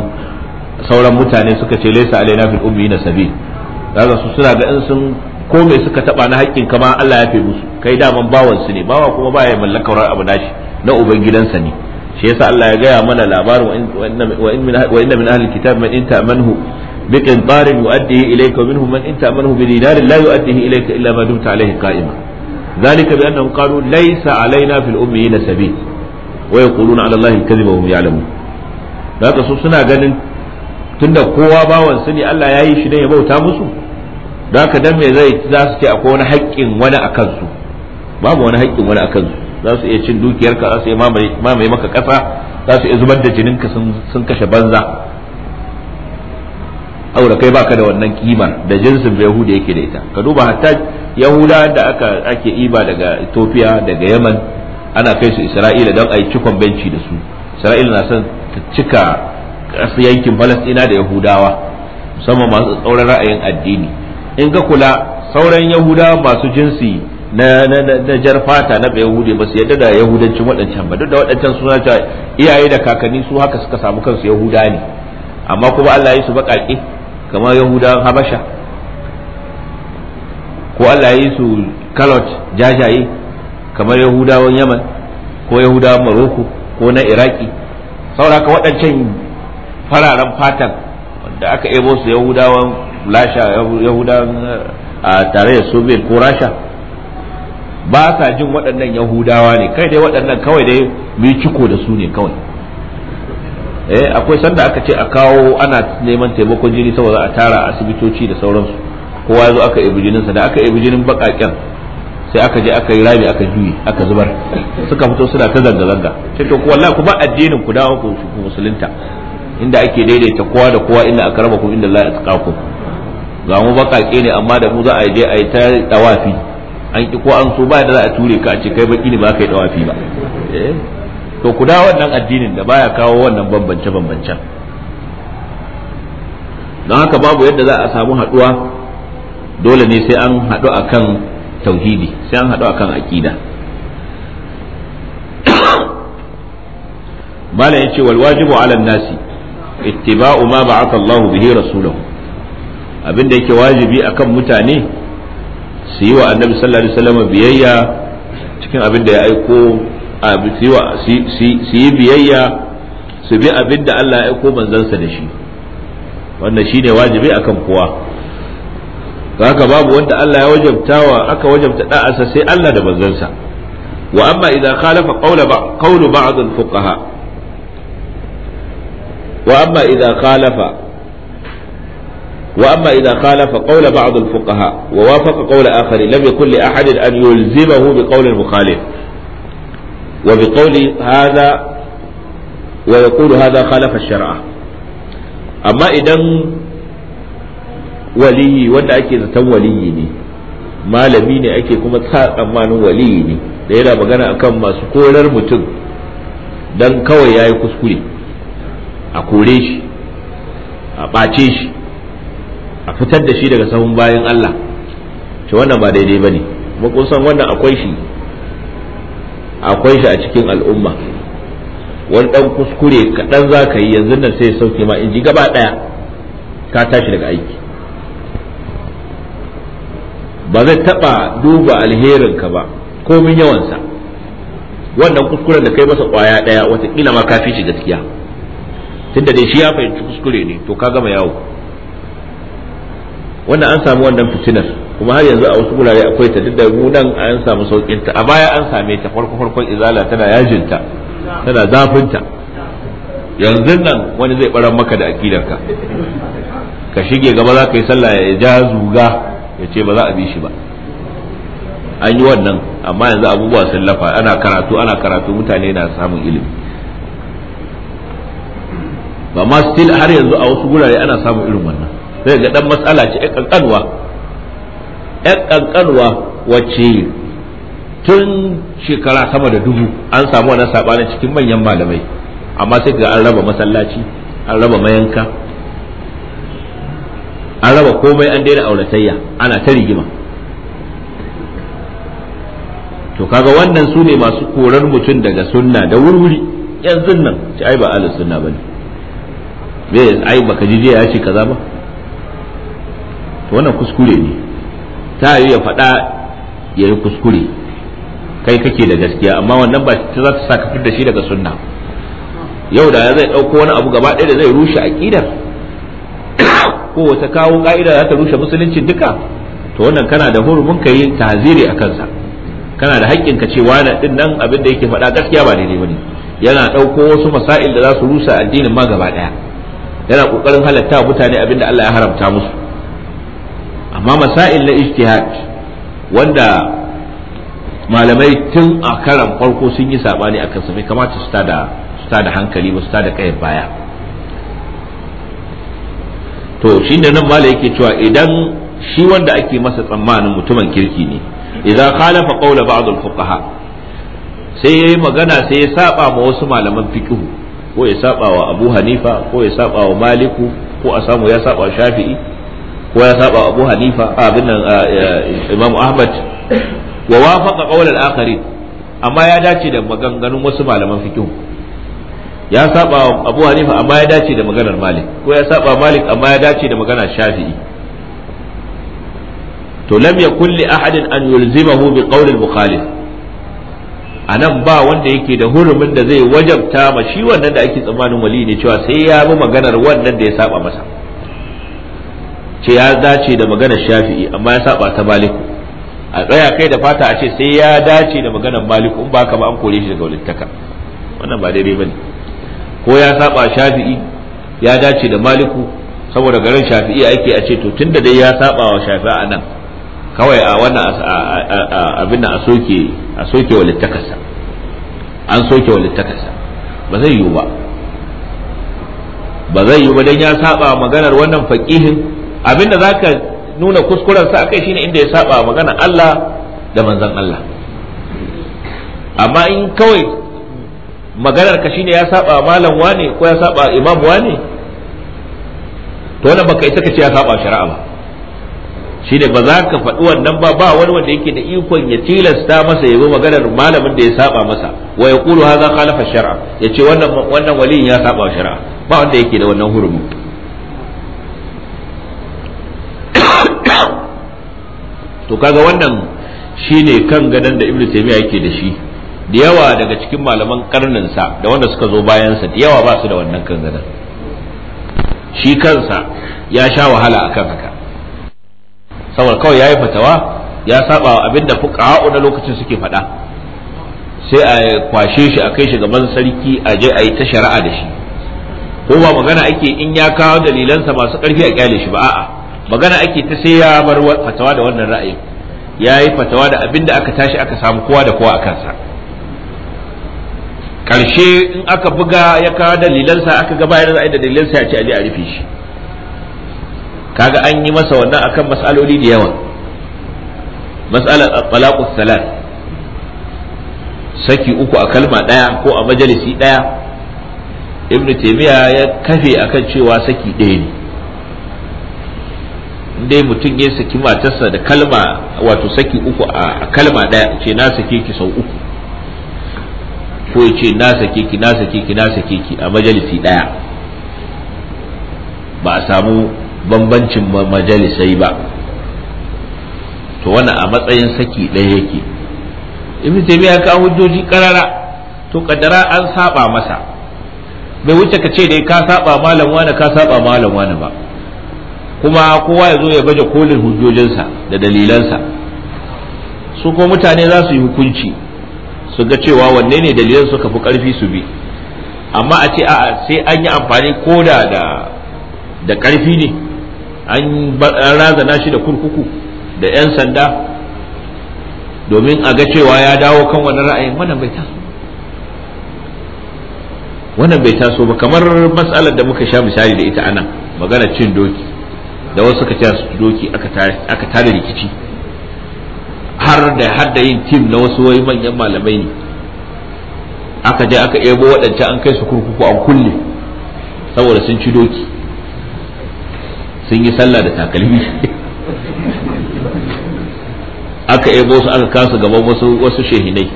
sauran mutane suka ce laisa alaina fil ummi sabil kaga su suna ga in sun ko suka taba na haƙƙin kama Allah ya fi musu kai daman bawan su ne bawa kuma baya mallaka wani abu nashi na ubangidansa ne shi yasa Allah ya gaya mana labarin wa inna min ahli kitab man ذلك قالوا ليس علينا في سبيل ويقولون على الله الكذب وهم يعلمون لا tunda kowa bawan su ne Allah ya yi shi ne ya bauta musu don haka dan me zai za su ce akwai wani haƙƙin wani a kansu babu wani haƙƙin wani a kansu za su iya cin dukiyarka za su iya mamaye maka ƙasa za su iya zubar da jininka sun kashe banza aure kai baka da wannan kima. da jinsin yahudi yake da ita ka duba hatta yahuda da aka ake iba daga ethiopia daga yaman ana kai su isra'ila don a yi cikon benci da su isra'ila na son ta cika ƙasa yankin falastina da yahudawa musamman masu tsauran ra'ayin addini in ka kula sauran yahudawa masu jinsi na na jar na bai yahude ba su yadda da yahudancin waɗancan ba duk da waɗancan suna ta iyaye da kakanni su haka suka samu kansu yahuda ne amma kuma Allah ya su baƙaƙe kamar yahudawan habasha ko Allah ya su kalot jajaye kamar yahudawan yaman ko yahudawan maroko ko na iraki sauraka waɗancan fararen fatan da aka ebo su yahudawan lasha yahudawan a tare da soviet ko rasha ba sa jin waɗannan yahudawa ne kai dai waɗannan kawai dai mu ciko da su ne kawai eh akwai sanda aka ce a kawo ana neman taimakon jini saboda a tara asibitoci da sauransu kowa zo aka ebi jininsa da aka ebi jinin baƙaƙen sai aka je aka yi rami aka juye aka zubar suka fito suna ta zanga-zanga sai to addinin ku dawo ku musulunta inda ake daidaita kowa da kowa inda aka raba akramakum inda Allah atqakum ga mu bakake ne amma da mu za a je a yi ta dawafi an ki ko an so ba da za a ture ka a ce kai baki ne ba kai dawafi ba eh? to ku da wannan addinin da baya kawo wannan bambance bambancen don haka babu yadda za a samu haduwa dole ne sai an haɗu akan tauhidi sai an hadu akan aƙida malam yace wal wajibu ala nasi ittiba'u ma ba'atha Allah bihi rasulahu abinda yake wajibi akan mutane su yi wa annabi sallallahu alaihi wasallam biyayya cikin abinda ya aiko su yi biyayya su bi abinda Allah ya aiko manzansa da shi wannan shine wajibi akan kowa haka babu wanda Allah ya wajabtawa aka wajabta da'asa sai Allah da manzansa wa amma idan khalafa qawla ba'd qawlu ba'd al-fuqaha wa amma idza khalafa wa amma idza khalafa qawl ba'd al fuqaha wa wafaqa qawl akhar lam yakul li ahad an yulzimahu bi qawl al mukhalif wa bi qawl hadha wa yaqulu hadha khalafa shar'a amma idan waliyi wanda ake zaton waliyi ne malami ne ake kuma tsammanin waliyi ne da yana magana akan masu korar mutum dan kawai ya yi kuskure a kore shi a ɓace shi a fitar da shi daga sahun bayan Allah ce wannan ba daidai ba ne kuma san wannan akwai shi akwai shi a cikin al'umma wani ɗan kuskure kaɗan za ka yi yanzu nan sai sauke ma in ji gaba ɗaya ka tashi daga aiki ba zai taɓa duba alherinka ba komin yawansa wannan kuskuren da kai masa ƙwaya ɗaya watakila ma ka fi shi gaskiya tunda dai shi ya fahimci kuskure ne to ka gama yawo wannan an samu wannan fitinar kuma har yanzu a wasu gurare akwai ta duk da mu nan an samu saukin ta a baya an same ta farko farkon izala tana yajin ta tana zafinta yanzu nan wani zai baran maka da akidarka ka shige gaba za ka yi sallah ya ja zuga ya ce ba za a bi shi ba an yi wannan amma yanzu abubuwa sun lafa ana karatu ana karatu mutane na samun ilimi ba ma still har yanzu a wasu gurare ana samun irin wannan sai ga dan matsala ce ƴan kankanwa ƴan kankanwa wacce tun shekara sama da dubu an samu wannan sabanin cikin manyan malamai amma sai ga an raba masallaci an raba mayanka an raba komai an daina auratayya ana ta rigima to kaga wannan su ne masu korar mutum daga sunna da wurwuri yanzu nan ci ai ba ahlus sunna bane bai ai baka ji jiya ya ce kaza ba to wannan kuskure ne ta yi ya faɗa ya yi kuskure kai kake da gaskiya amma wannan ba ta za ta sa ka da shi daga sunna yau da zai ɗauko wani abu gaba ɗaya da zai rushe aƙidar ko ta kawo ƙa'ida za ta rushe musulunci duka to wannan kana da hurumin ka yi a kansa kana da haƙƙin ka ce wani ɗin nan abin da yake faɗa gaskiya ba daidai bane yana ɗauko wasu masail da za su rusa addinin ma gaba ɗaya yana kokarin halatta mutane abinda Allah ya haramta musu amma masail na ijtihad wanda malamai tun a karan farko sun yi sabani akan su bai kamata su tada su tada hankali ba su tada kayan baya to shi ne nan malai yake cewa idan shi wanda ake masa tsammanin mutumin kirki ne idza khalafa qawla ba'd al-fuqaha sai yayi magana sai ya saba ma wasu malaman fiqh ko ya saba wa abu hanifa ko ya saba wa maliku ko a samu ya saba shafi'i ko ya saba abu hanifa abin nan imam ahmad wa wafaqa qawl al-akharin amma ya dace da maganganun wasu malaman fiqh ya saba abu hanifa amma ya dace da maganar malik ko ya saba malik amma ya dace da maganar shafi'i to lam yakul li ahadin an yulzimahu bi qawl al a nan ba wanda yake da hurumin da zai wajabta ma shi wannan da ake tsammanin wali ne cewa sai ya bi maganar wannan da ya saba masa ce ya dace da maganar shafi'i amma ya saba ta maliku a tsaya kai da fata a ce sai ya dace da maganar maliku in ba ka ba an kore shi daga walittaka wannan ba daidai bane ko ya saba shafi'i ya dace da maliku saboda garin shafi'i ake a ce to tunda dai ya saba wa a nan kawai a wannan abin da a soke a soke an soke walittakasa ba zai yiwu ba ba zai yiwu ba dan ya saba maganar wannan fakihin abin da zaka nuna kuskuren sa akai shine inda ya saba maganar Allah da manzon Allah amma in kawai maganar ka shine ya saba malam wane ko ya saba imam wane to wannan baka isa ka ce ya saba shari'a ba shi ne ba za ka faɗi wannan ba ba wani wanda yake da ikon ya tilasta masa ya maganar malamin da ya saba masa wa ya kulu haza khalafa shar'a ya ce wannan wannan waliyin ya saba shar'a ba wanda yake da wannan hurumin to kaga wannan shine kan gadan da ibnu taymiya yake da shi da yawa daga cikin malaman karnin sa da wanda suka zo bayan sa da yawa ba su da wannan kan gadan shi kansa ya sha wahala akan haka saboda kawai ya yi fatawa ya saba wa abinda haɗu na lokacin suke faɗa sai a kwashe shi a kai shi gaban sarki a je a yi ta shari'a da shi ko ba magana ake in ya kawo dalilansa masu ƙarfi a kyale shi ba a'a magana ake ta sai ya bar fatawa da wannan ra'ayin ya yi fatawa da abinda aka tashi aka samu kowa da kowa a kansa Ƙarshe in aka buga ya kawo dalilansa aka ga da dalilansa ya ce a je a rufe shi kaga an yi masa wannan akan masaloli da yawa mas'alar talaqus salat saki uku a kalma daya ko a majalisi daya ibnu taymiya ya kafe akan cewa saki ɗaya ne dai mutum ya saki matarsa da kalma wato saki uku a kalma daya ce na sake ki sau uku ko ya ce na sake ki na sake ki na sake ki a majalisi daya ba a samu bambancin majalisai ba to wannan a matsayin saki ɗaya yake ibn taymiya ka hujjoji karara to kaddara an saba masa bai wuce ka ce dai ka saba malam wani ka saba malam wani ba kuma kowa ya zo ya baje kolin hujjojinsa da dalilansa su ko mutane za su yi hukunci su ga cewa wanne ne dalilan suka fi ƙarfi su bi amma a ce a sai an yi amfani ko da da karfi ne an razana shi da kurkuku da 'yan sanda domin a ga cewa ya dawo kan wani ra'ayin wannan bai taso wannan bai taso ba kamar matsalar da muka sha misali da ita ana magana cin doki da wasu suka ce doki aka tare rikici har da har da yin tim na wasu wai manyan malamai ne aka je aka ebo waɗancan an kai su kurkuku an kulle saboda sun ci doki sun yi sallah da takalmi aka ebo su aka kasu gaban wasu wasu shehinai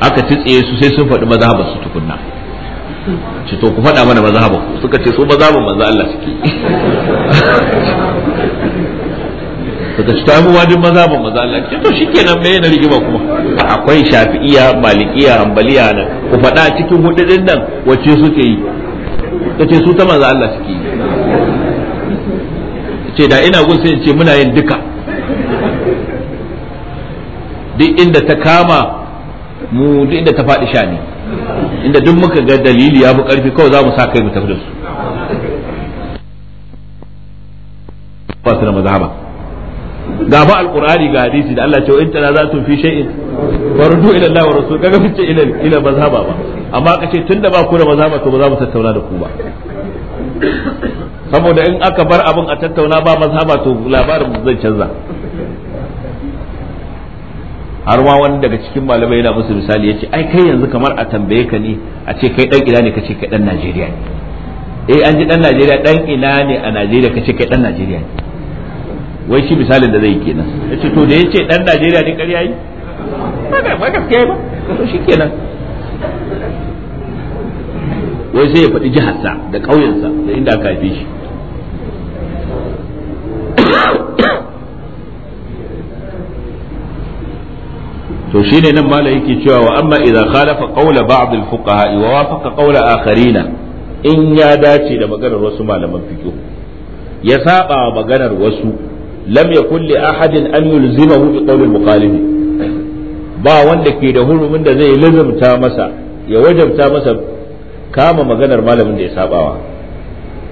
aka titsiye su sai sun faɗi mazhabar su tukunna ce to ku faɗa mana ku? suka ce su mazhabar manzo Allah suke suka ci tamu wajin mazhabar manzo Allah ce to shikenan me na rigima kuma akwai shafi'iya malikiya hanbaliya nan ku faɗa cikin hudu nan wace suke yi kace su ta manzo Allah suke yi ce da ina gun sai in ce muna yin duka duk inda ta kama mu duk inda ta faɗi shani inda duk muka ga dalili ya fi ƙarfi kawai za mu sa kai mu tafi da su ba su da mazhaba ga ba alqur'ani ga hadisi da Allah ce in tana za tun fi shay'in fardu ila Allah wa rasul kaga fice ila ila mazhaba ba amma kace tunda ba ku da mazhaba to ba za mu tattauna da ku ba saboda in aka bar abin a tattauna ba mazhaba to labarin zai canza har ma wani daga cikin malamai yana musu misali ya ce ai kai yanzu kamar a tambaye ka ne a ce kai dan ina ne ka ce kai dan Najeriya ne eh an ji dan Najeriya dan ina ne a Najeriya ka ce kai dan Najeriya ne wai shi misalin da zai kenan yace to da yace dan Najeriya ne ƙarya yi ba gaskiya ba to shikenan wai sai ya faɗi jiharsa da ƙauyensa da inda aka haife shi to ne nan malai yake cewa wa amma idza khalafa qawla ba'd al-fuqaha wa wafaqa qawla akharina in ya dace da maganar wasu malaman fiqh ya saba maganar wasu lam yakul li ahadin an yulzimahu bi qawli al-mukhalif ba wanda ke da hurumin da zai lazumta masa ya wajabta masa kama maganar malamin da ya sabawa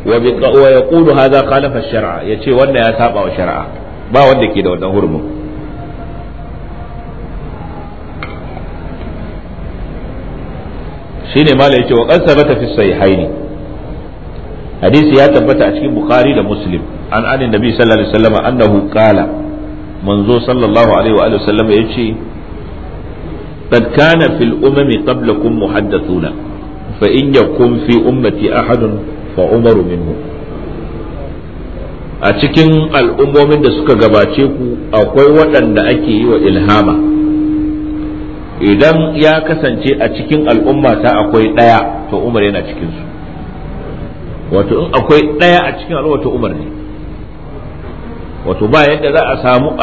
wa yaqulu hadha khalafa shar'a yace wannan ya sabawa shari'a. ba wanda ke da wannan hurumin shine mala yake wa qad sabata fi sahihaini hadisi ya tabbata a cikin bukhari da muslim an anin nabi sallallahu alaihi wasallam annahu qala manzo sallallahu alaihi wa alihi wasallam yace قد كان في الأمم قبلكم محدثون fa in yakun fi ummati ahadun fa umaru minhu a cikin al'ummomin da suka gabace ku akwai waɗanda ake yi wa ilhama idan ya kasance a cikin al'umma ta akwai ɗaya to umar yana cikinsu wato in akwai ɗaya a cikin al'umma to umar ne wato ba yadda za a samu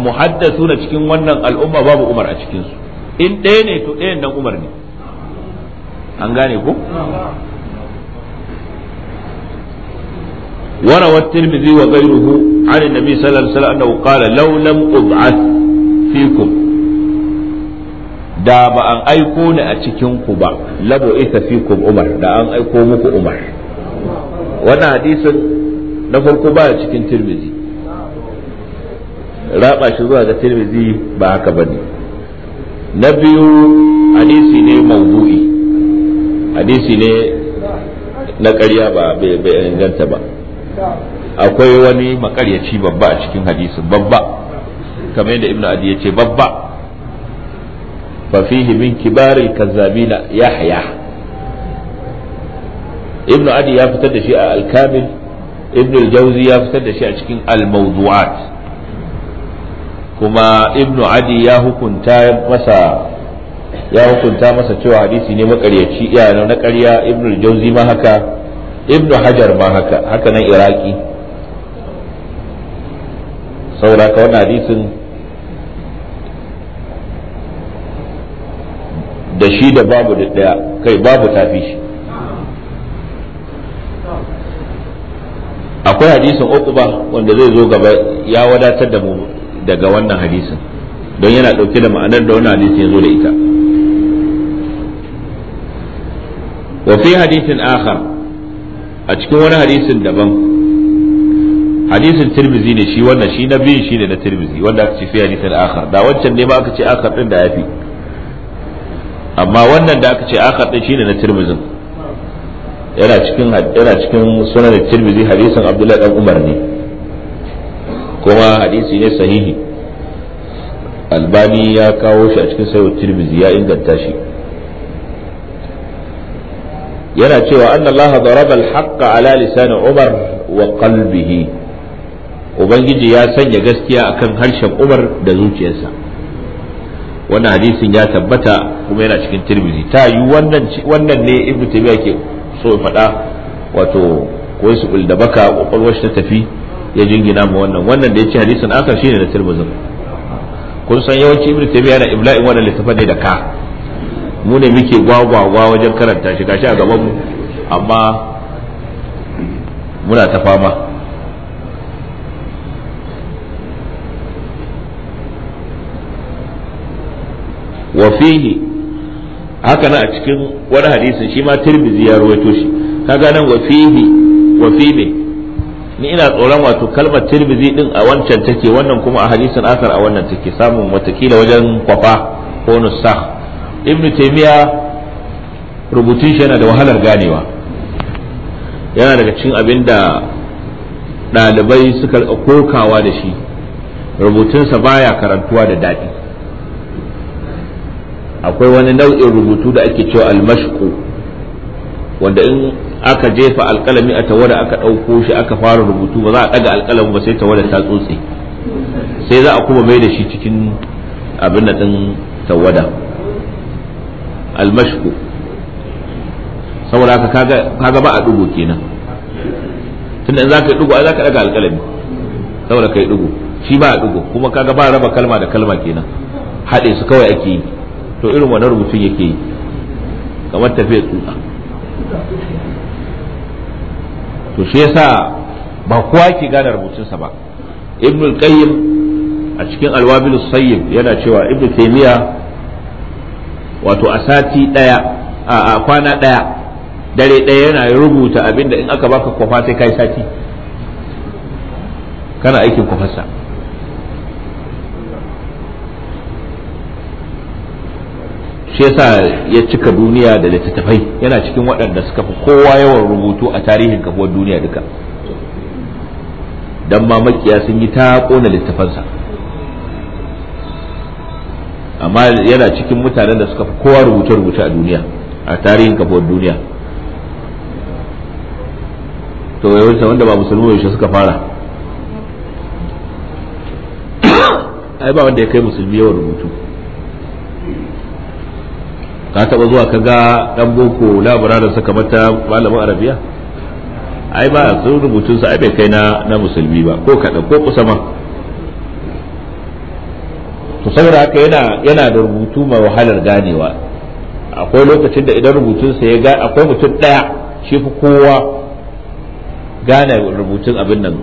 muhaddasu na cikin wannan al'umma babu umar a cikinsu in ɗaya ne to ɗayan nan umar ne an gane ko وروى الترمذي وغيره عن النبي صلى الله عليه وسلم أنه قال لو da ba an aiko ni a cikinku ba labo isa fikum umar da an aiko muku umar wannan hadisin na farko ba cikin tirmizi raba shi zuwa ga tirmizi ba haka bane na biyu hadisi ne mawdu'i hadisi ne na ƙarya ba bai inganta ba akwai wani makaryaci babba a cikin hadisin babba kamar yadda ibnu adi yace babba fa fihi min kibari kazzabina yahya ibnu adi ya fitar da shi a al-kamil ibnu al-jawzi ya fitar da shi a cikin al-mawdu'at kuma ibnu adi ya hukunta masa ya hukunta masa cewa hadisi ne makaryaci iyana na ƙarya ibnu jauzi ma haka ibnu hajar ma haka haka nan iraki saboda ka wannan hadisin da shi da babu da daya kai babu tafi shi akwai hadisin uquba wanda zai zo gaba ya wadatar da mu daga wannan hadisin don yana ɗauke da ma'anar da wannan hadisin ya zo da ita wa fi hadithin akhar a cikin wani hadisin daban hadisin tirmizi ne shi wannan shi na biyun shi ne na tirmizi wanda aka ce fi hadithin akhar da wancan ne ma aka ce akhar din da yafi amma wannan da aka ce akhar din ne na tirmizin yana cikin yana cikin sunan tirmizi hadisin abdullahi dan umar ne kuma hadisi ne sahihi albani ya kawo shi a cikin sayo tirmizi ya inganta shi yana cewa anna Allah daraba ala lisan Umar wa qalbihi ubangiji ya sanya gaskiya akan harshen Umar da zuciyarsa wannan hadisin ya tabbata kuma yana cikin Tirmidhi ta yi wannan wannan ne ke so faɗa wato ko su da baka ta tafi ya jingina wannan wannan da yace hadisin aka shine da kun san yawanci Ibn Taymiyyah yana ibla'in wannan littafin da ka mu ne muke gwagwagwa wajen karanta shi gashi a gaban mu amma muna ta fama wa fihi haka na a cikin wani hadisin shi ma tirmizi ya ruwaito shi kaga nan wa fihi wa ni ina tsoron wato kalmar tirmizi din a wancan take wannan kuma a hadisin asar a wannan take samun watakila wajen kwafa ko nusakh ibnu taymiya rubutun shi yana da wahalar ganewa yana daga cikin abin da ɗalibai suka kokawa da shi rubutunsa baya karantuwa da daɗi akwai wani nau'in rubutu da ake cewa almashku wanda in aka jefa alkalami a tawada aka ɗauko shi aka fara rubutu ba za a ɗaga alkalami ba sai tawada ta tsotse sai za a kuma mai da shi cikin abin da ɗin tawada almashku saboda haka kaga ba a dugu kenan tunda in za ka yi dugu za ka daga alƙalami saboda yi dugu shi ba a dugu kuma kaga ba raba kalma da kalma kenan haɗe su kawai ake yi to irin wannan rubutun yake yi kamar tafiya tsutsa to shi yasa ba kowa ke gane rubutunsa ba ibnul qayyim a cikin alwabilus sayyib yana cewa ibnu taymiya wato a sati ɗaya a kwana ɗaya dare ɗaya yana rubuta abin da in aka baka kwafa sai kai sati kana aikin kwafarsa shi yasa ya cika duniya da littattafai yana cikin waɗanda suka fi kowa yawan rubutu a tarihin kafuwar duniya duka don ma makiya sun yi ta ƙona littafansa amma yana cikin mutanen da suka fi kowa rubuce-rubuce a duniya a tarihin kafuwar duniya to wanda ba musulmi yaushe suka fara ai ba wanda ya kai musulmi yawan rubutu ka taba zuwa ka ga dan boko labararin saka mata malamin arabiya ai ba sun rubutunsa ai bai kai na musulmi ba ko kaɗan ko kusa ma to saboda haka yana yana da rubutu mai wahalar ganewa akwai lokacin da idan rubutunsa ya ga akwai mutum ɗaya shi fi kowa gane rubutun abin nan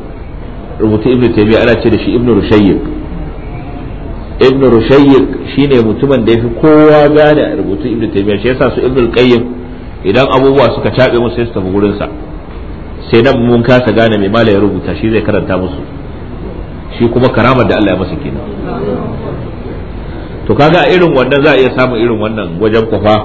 rubutun ibnu taymiya ana ce da shi ibnu rushayyib ibnu rushayyib shine mutumin da yafi kowa gane rubutun ibnu taymiya shi yasa su ibnu qayyim idan abubuwa suka cabe musu sai su tafi gurin sa sai nan mun kasa gane mai malai ya rubuta shi zai karanta musu shi kuma karamar da Allah ya masa kenan to kaga a irin wannan za a iya samun irin wannan wajen kwafa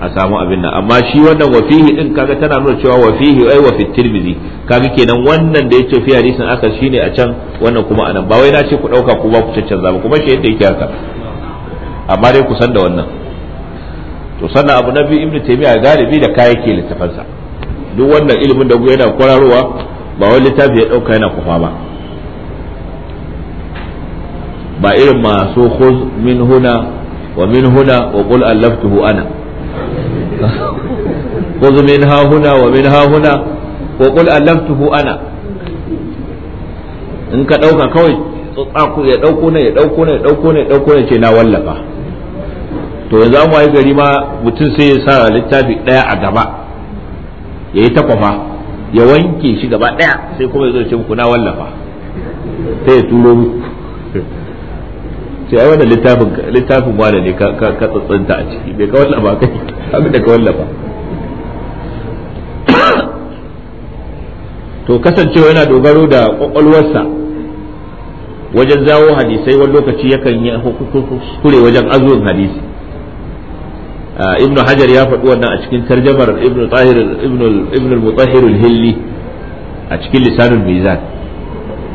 a samu abin nan amma shi wannan wafihi din kaga tana nuna cewa wafihi ai wa tirmizi kaga kenan wannan da yace fi hadisin aka shine a can wannan kuma anan ba wai na ce ku dauka ku ba ku zaba kuma shi yadda yake haka amma dai ku san da wannan to sannan abu na biyu ibnu taymiya galibi da kaya yake littafansa duk wannan ilimin da yana kwararowa ba wani littafi ya dauka yana kwafa ba ba irin masu khuz min huna wa min huna wa qul allaftuhu ana khuz min ha huna wa min ha huna wa qul allaftuhu ana in ka dauka kawai tsatsaku ya dauko ne ya dauko ne ya dauko ne ya dauko ne ce na wallafa to yanzu mu waye gari ma mutum sai ya sa littafi daya a gaba ya yi kwafa ya wanke shi gaba daya sai kuma ya zo ce muku na wallafa sai ya turo muku sai ai wannan littafin littafin wani ne ka ka a ciki bai ka wallafa kai abin da ka wallafa to kasancewa yana dogaro da kwakwalwarsa wajen zawo hadisai wani lokaci yakan yi kure wajen azurin hadisi ibnu hajar ya faɗi wannan a cikin tarjamar ibnu tahir ibnu al-hilli a cikin lisanul mizan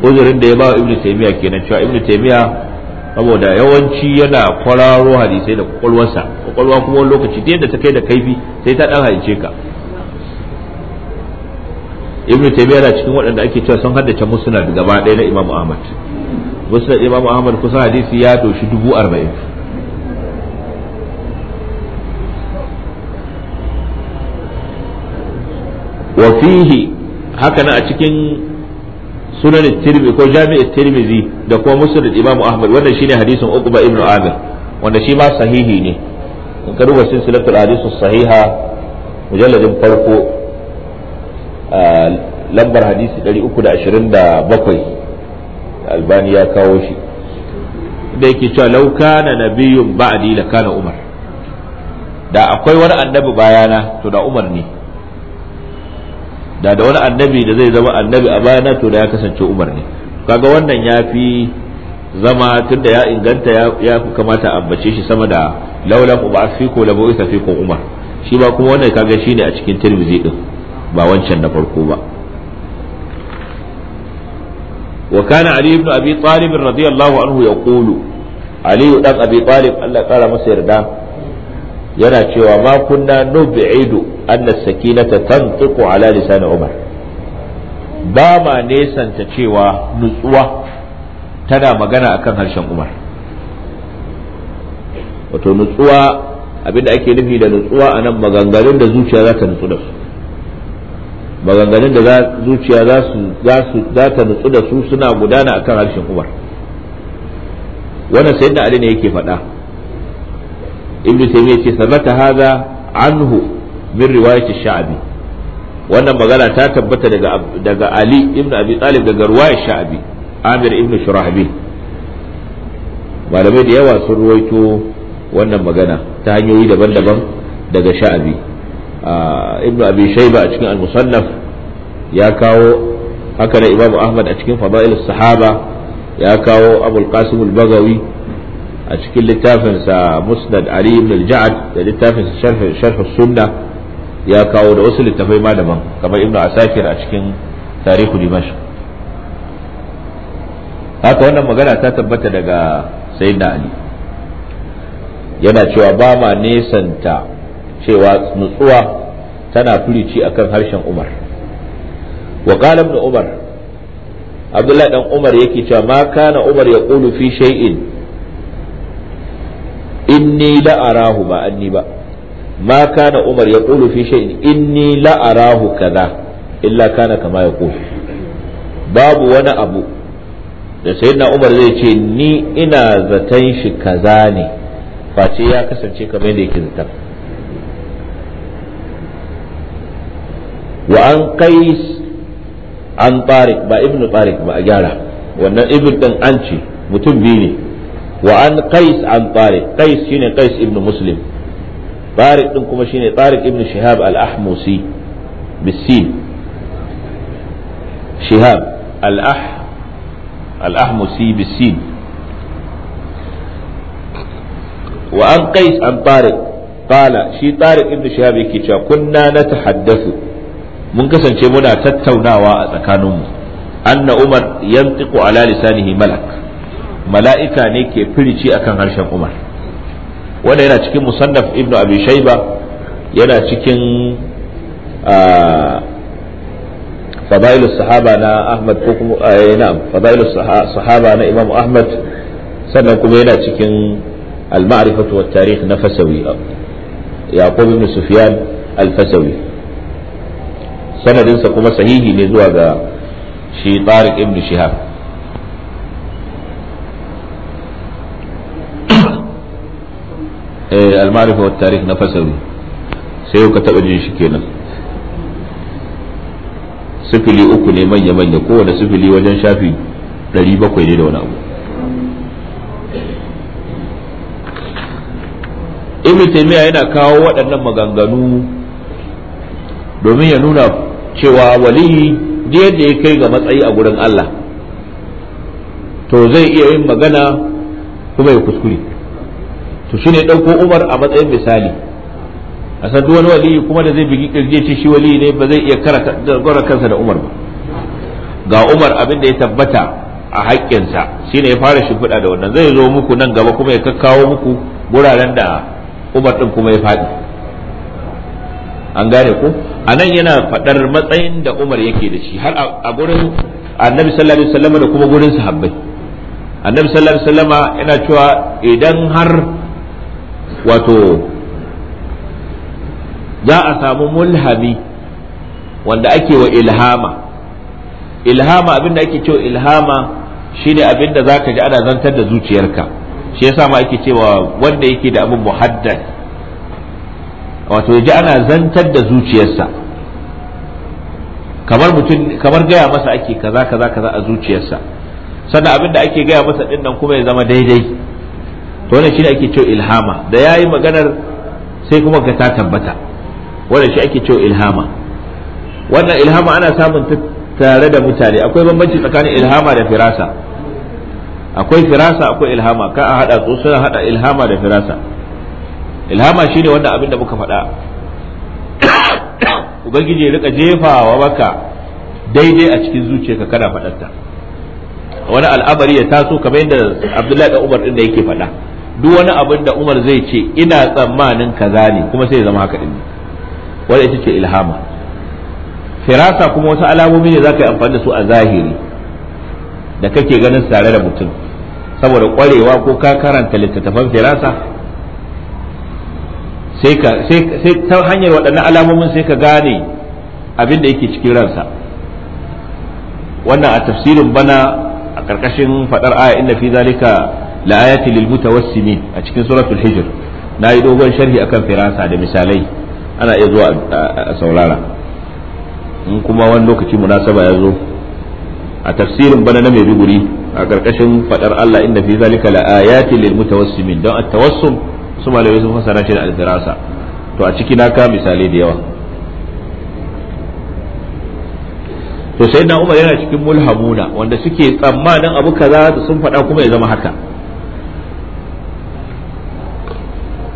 uzurin da ya ba wa ibnu taymiya kenan cewa ibnu taymiya saboda yawanci yana kwararo hadisai da kwakwalwarsa kwakwalwa kuma wani lokaci da yadda ta kai da kaifi sai ta dan haice ka ibnu taymiya yana cikin waɗanda ake cewa sun haddace musnad gaba ɗaya na imamu ahmad musnad imamu ahmad kusan hadisi ya doshi dubu arba'in wa fihi a cikin sunan tirmi ko jami'at tirmizi da kuma musnad imam ahmad wannan shine hadisin uqba ibn amir wanda shi ma sahihi ne in ka duba silsilatul hadisi sahiha mujalladin farko lambar hadisi 327 albani ya kawo shi da yake cewa law kana nabiyyun ba'di la kana umar da akwai wani annabi bayana to da umar ne da da wani annabi da zai zama annabi a baya to da ya kasance umar ne kaga wannan ya fi zama tunda ya inganta ya fi kamata a ambace shi sama da laulan uba fi ko labo isa fi umar shi ba kuma wannan kaga shi ne a cikin tirmizi din ba wancan na farko ba wa kana ali ibn abi talib radiyallahu anhu yaqulu ali dan abi talib Allah kara masa yarda yana cewa ma kunna nub'idu anna sakinata tantiqu ala lisan umar ba ma nesanta cewa nutsuwa tana magana akan harshen umar wato nutsuwa abinda ake nufi da nutsuwa a nan maganganun da zuciya za ta nutsu da su maganganun da zuciya za ta nutsu da su suna gudana akan harshen umar wannan sayyidina ali ne yake faɗa ibnu taymiyyah ce sabata hadha anhu min riwayati bi wannan magana ta tabbata daga daga Ali ibn Abi Talib daga riwayar sha'abi Amir ibn malamai da yawa sun ruwaito wannan magana ta hanyoyi daban-daban daga sha'abi ibn Abi shaiba a cikin al-Musannaf ya kawo haka da Imam Ahmad a cikin Fadailus Sahaba ya kawo Abul Qasim al-Bagawi a cikin littafinsa musnad ali ibn al-ja'ad da littafinsa sharh sharh sunna ya kawo da wasu littafai ma daban kamar ibnu asakir a cikin tarihu dimashq haka wannan magana ta tabbata daga sayyidina ali yana cewa ba ma nesanta cewa nutsuwa tana furici akan harshen umar wa qala ibn umar abdullahi dan umar yake cewa ma kana umar ya qulu fi shay'in inni da arahu ba anni ba ما كان umar ya في شيء shay'in لا la كذا kaza كان kana kama ya وانا babu wani abu da sayyidina umar zai ce ni ina zaton shi kaza ne face ya kasance kamar yadda yake zata wa an qais an tariq ba ibnu tariq ba a gyara wannan ibn din an ce mutum biyu ne wa an qais an tariq qais shine qais ibnu muslim tariq din kuma shine tariq ibn shihab al-ahmusi bisin shihab al ahmusi bisin wa an an tariq qala shi tariq ibn shihab yake cewa kunna natahaddathu mun kasance muna tattaunawa a tsakaninmu anna umar yantiqu ala lisanihi malak mala'ika ne ke firici akan harshen umar wanda yana cikin musannaf ibnu abi shayba yana cikin fadailu sahaba na ahmad ko kuma eh, na'am fadailu sahaba na imam ahmad sannan kuma yana cikin al-ma'rifatu wat tarikh na fasawi yaqub ibn sufyan al-fasawi sanadinsa kuma sahihi ne zuwa ga shi tariq ibn shihab Eh, al-ma'rifa wa tarikh na fasawi sai ka taba jin shi kenan sifili uku ne manya manya kowane sifili wajen shafi 700 ne da wani abu ibn taymiya yana kawo waɗannan maganganu domin ya nuna cewa waliyi da yadda ya kai ga matsayi a gurin Allah to zai iya yin magana kuma ya kuskure to shine dauko Umar a matsayin misali a san duk wani wali kuma da zai bigi kirje ce shi wali ne ba zai iya karata kansa da Umar ba ga Umar abin da ya tabbata a haƙƙinsa shine ya fara shimfiɗa da wannan zai zo muku nan gaba kuma ya kakkawo muku guraren da Umar din kuma ya faɗi an gane ku. a nan yana faɗar matsayin da Umar yake da shi har a gurin annabi sallallahu alaihi wasallam da kuma gurin sahabbai annabi sallallahu alaihi wasallam yana cewa idan har wato za a samu mulhami wanda ake wa ilhama ilhama abinda ake cewa ilhama shine abinda zaka ji ana zantar da zuciyarka shi yasa ma ake cewa wanda yake da abin muhaddad wato ji ana zantar da zuciyarsa kamar mutum kamar gaya masa ake kaza kaza kaza a zuciyarsa sannan abinda ake gaya masa din nan kuma ya zama daidai to wannan shine ake cewa ilhama da yayi maganar sai kuma ka ta tabbata wannan shi ake cewa ilhama wannan ilhama ana samun ta tare da mutane akwai bambanci tsakanin ilhama da firasa akwai firasa akwai ilhama ka a hada su suna hada ilhama da firasa ilhama shine wanda abin da muka faɗa ubangiji rika jefawa maka daidai a cikin zuciyarka kana faɗarta wani al'amari ya taso kamar yadda abdullahi da umar din da yake faɗa duk wani abin da Umar zai ce ina tsammanin kaza ne kuma sai ya zama haka din wanda ita ce ilhama firasa kuma wasu alamomi ne zaka yi amfani da su a zahiri da kake ganin tare da mutum saboda kwarewa ko ka karanta littattafan firasa sai ta hanyar waɗannan alamomin sai ka gane abin da yake cikin ransa wannan a tafsirin bana a ƙarƙashin faɗar aya inna fi zalika la ayati lil mutawassimin a cikin suratul hijr na yi dogon sharhi akan firasa da misalai ana iya zuwa a saurara in kuma wani lokaci munasaba ya zo a tafsirin bana na mai biguri a karkashin fadar Allah inda fi zalika la ayati lil mutawassimin don at-tawassum su malamai sun fasara shi da al-firasa to a ciki na ka misalai da yawa to sai na umar yana cikin mulhamuna wanda suke tsammanin abu kaza sun faɗa kuma ya zama haka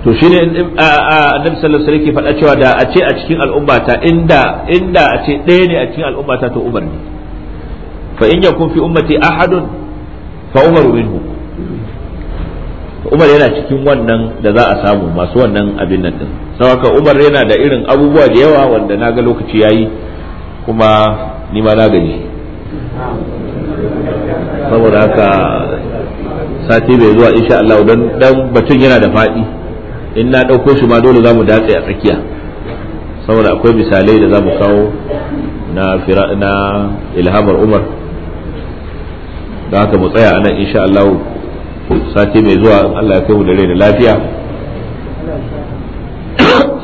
to shi shine annabi sallallahu alaihi wasallam faɗa cewa da a ce a cikin al'ummata inda inda a ce ɗaya ne a cikin al'ummata to Umar ne fa in yakun fi ummati ahadun fa Umar minhu Umar yana cikin wannan da za a samu masu wannan abin nan din saboda Umar yana da irin abubuwa da yawa wanda na ga lokaci yayi kuma ni ma na gani saboda haka sati bai zuwa insha Allah dan batun yana da faɗi in na ɗauko shi ma dole za mu datse a tsakiya saboda akwai misalai da za mu kawo na ilhamar umar da haka mu tsaya anan insha Allah sati mai zuwa Allah ya kai mu da rai da lafiya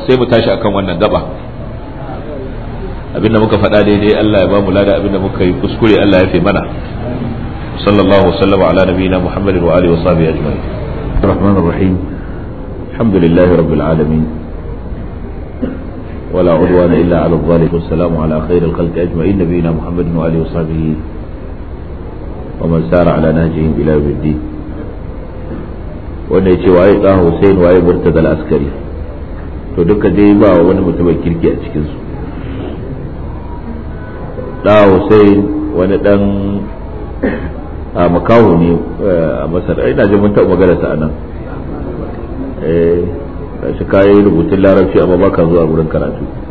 sai mu tashi akan wannan gaba abinda muka faɗa daidai Allah ya ba mu lada abinda muka yi kuskure Allah ya fi mana sallallahu wasallama ala nabiyina muhammadin wa alihi wa sahbihi ajma'in الرحمن الرحيم الحمد لله رب العالمين ولا عدوان إلا على الظالم والسلام على خير الخلق أجمعين نبينا محمد وآله وصحبه ومن سار على الدين ce waye ɗan Hussein waye Murtaza askari to duka dai ba wani mutumin kirki a cikin ɗan Hussein wani ɗan ne a Masar ina ji mun taɓa magana sa nan eh shi kayi rubutun larabci amma baka zuwa gurin karatu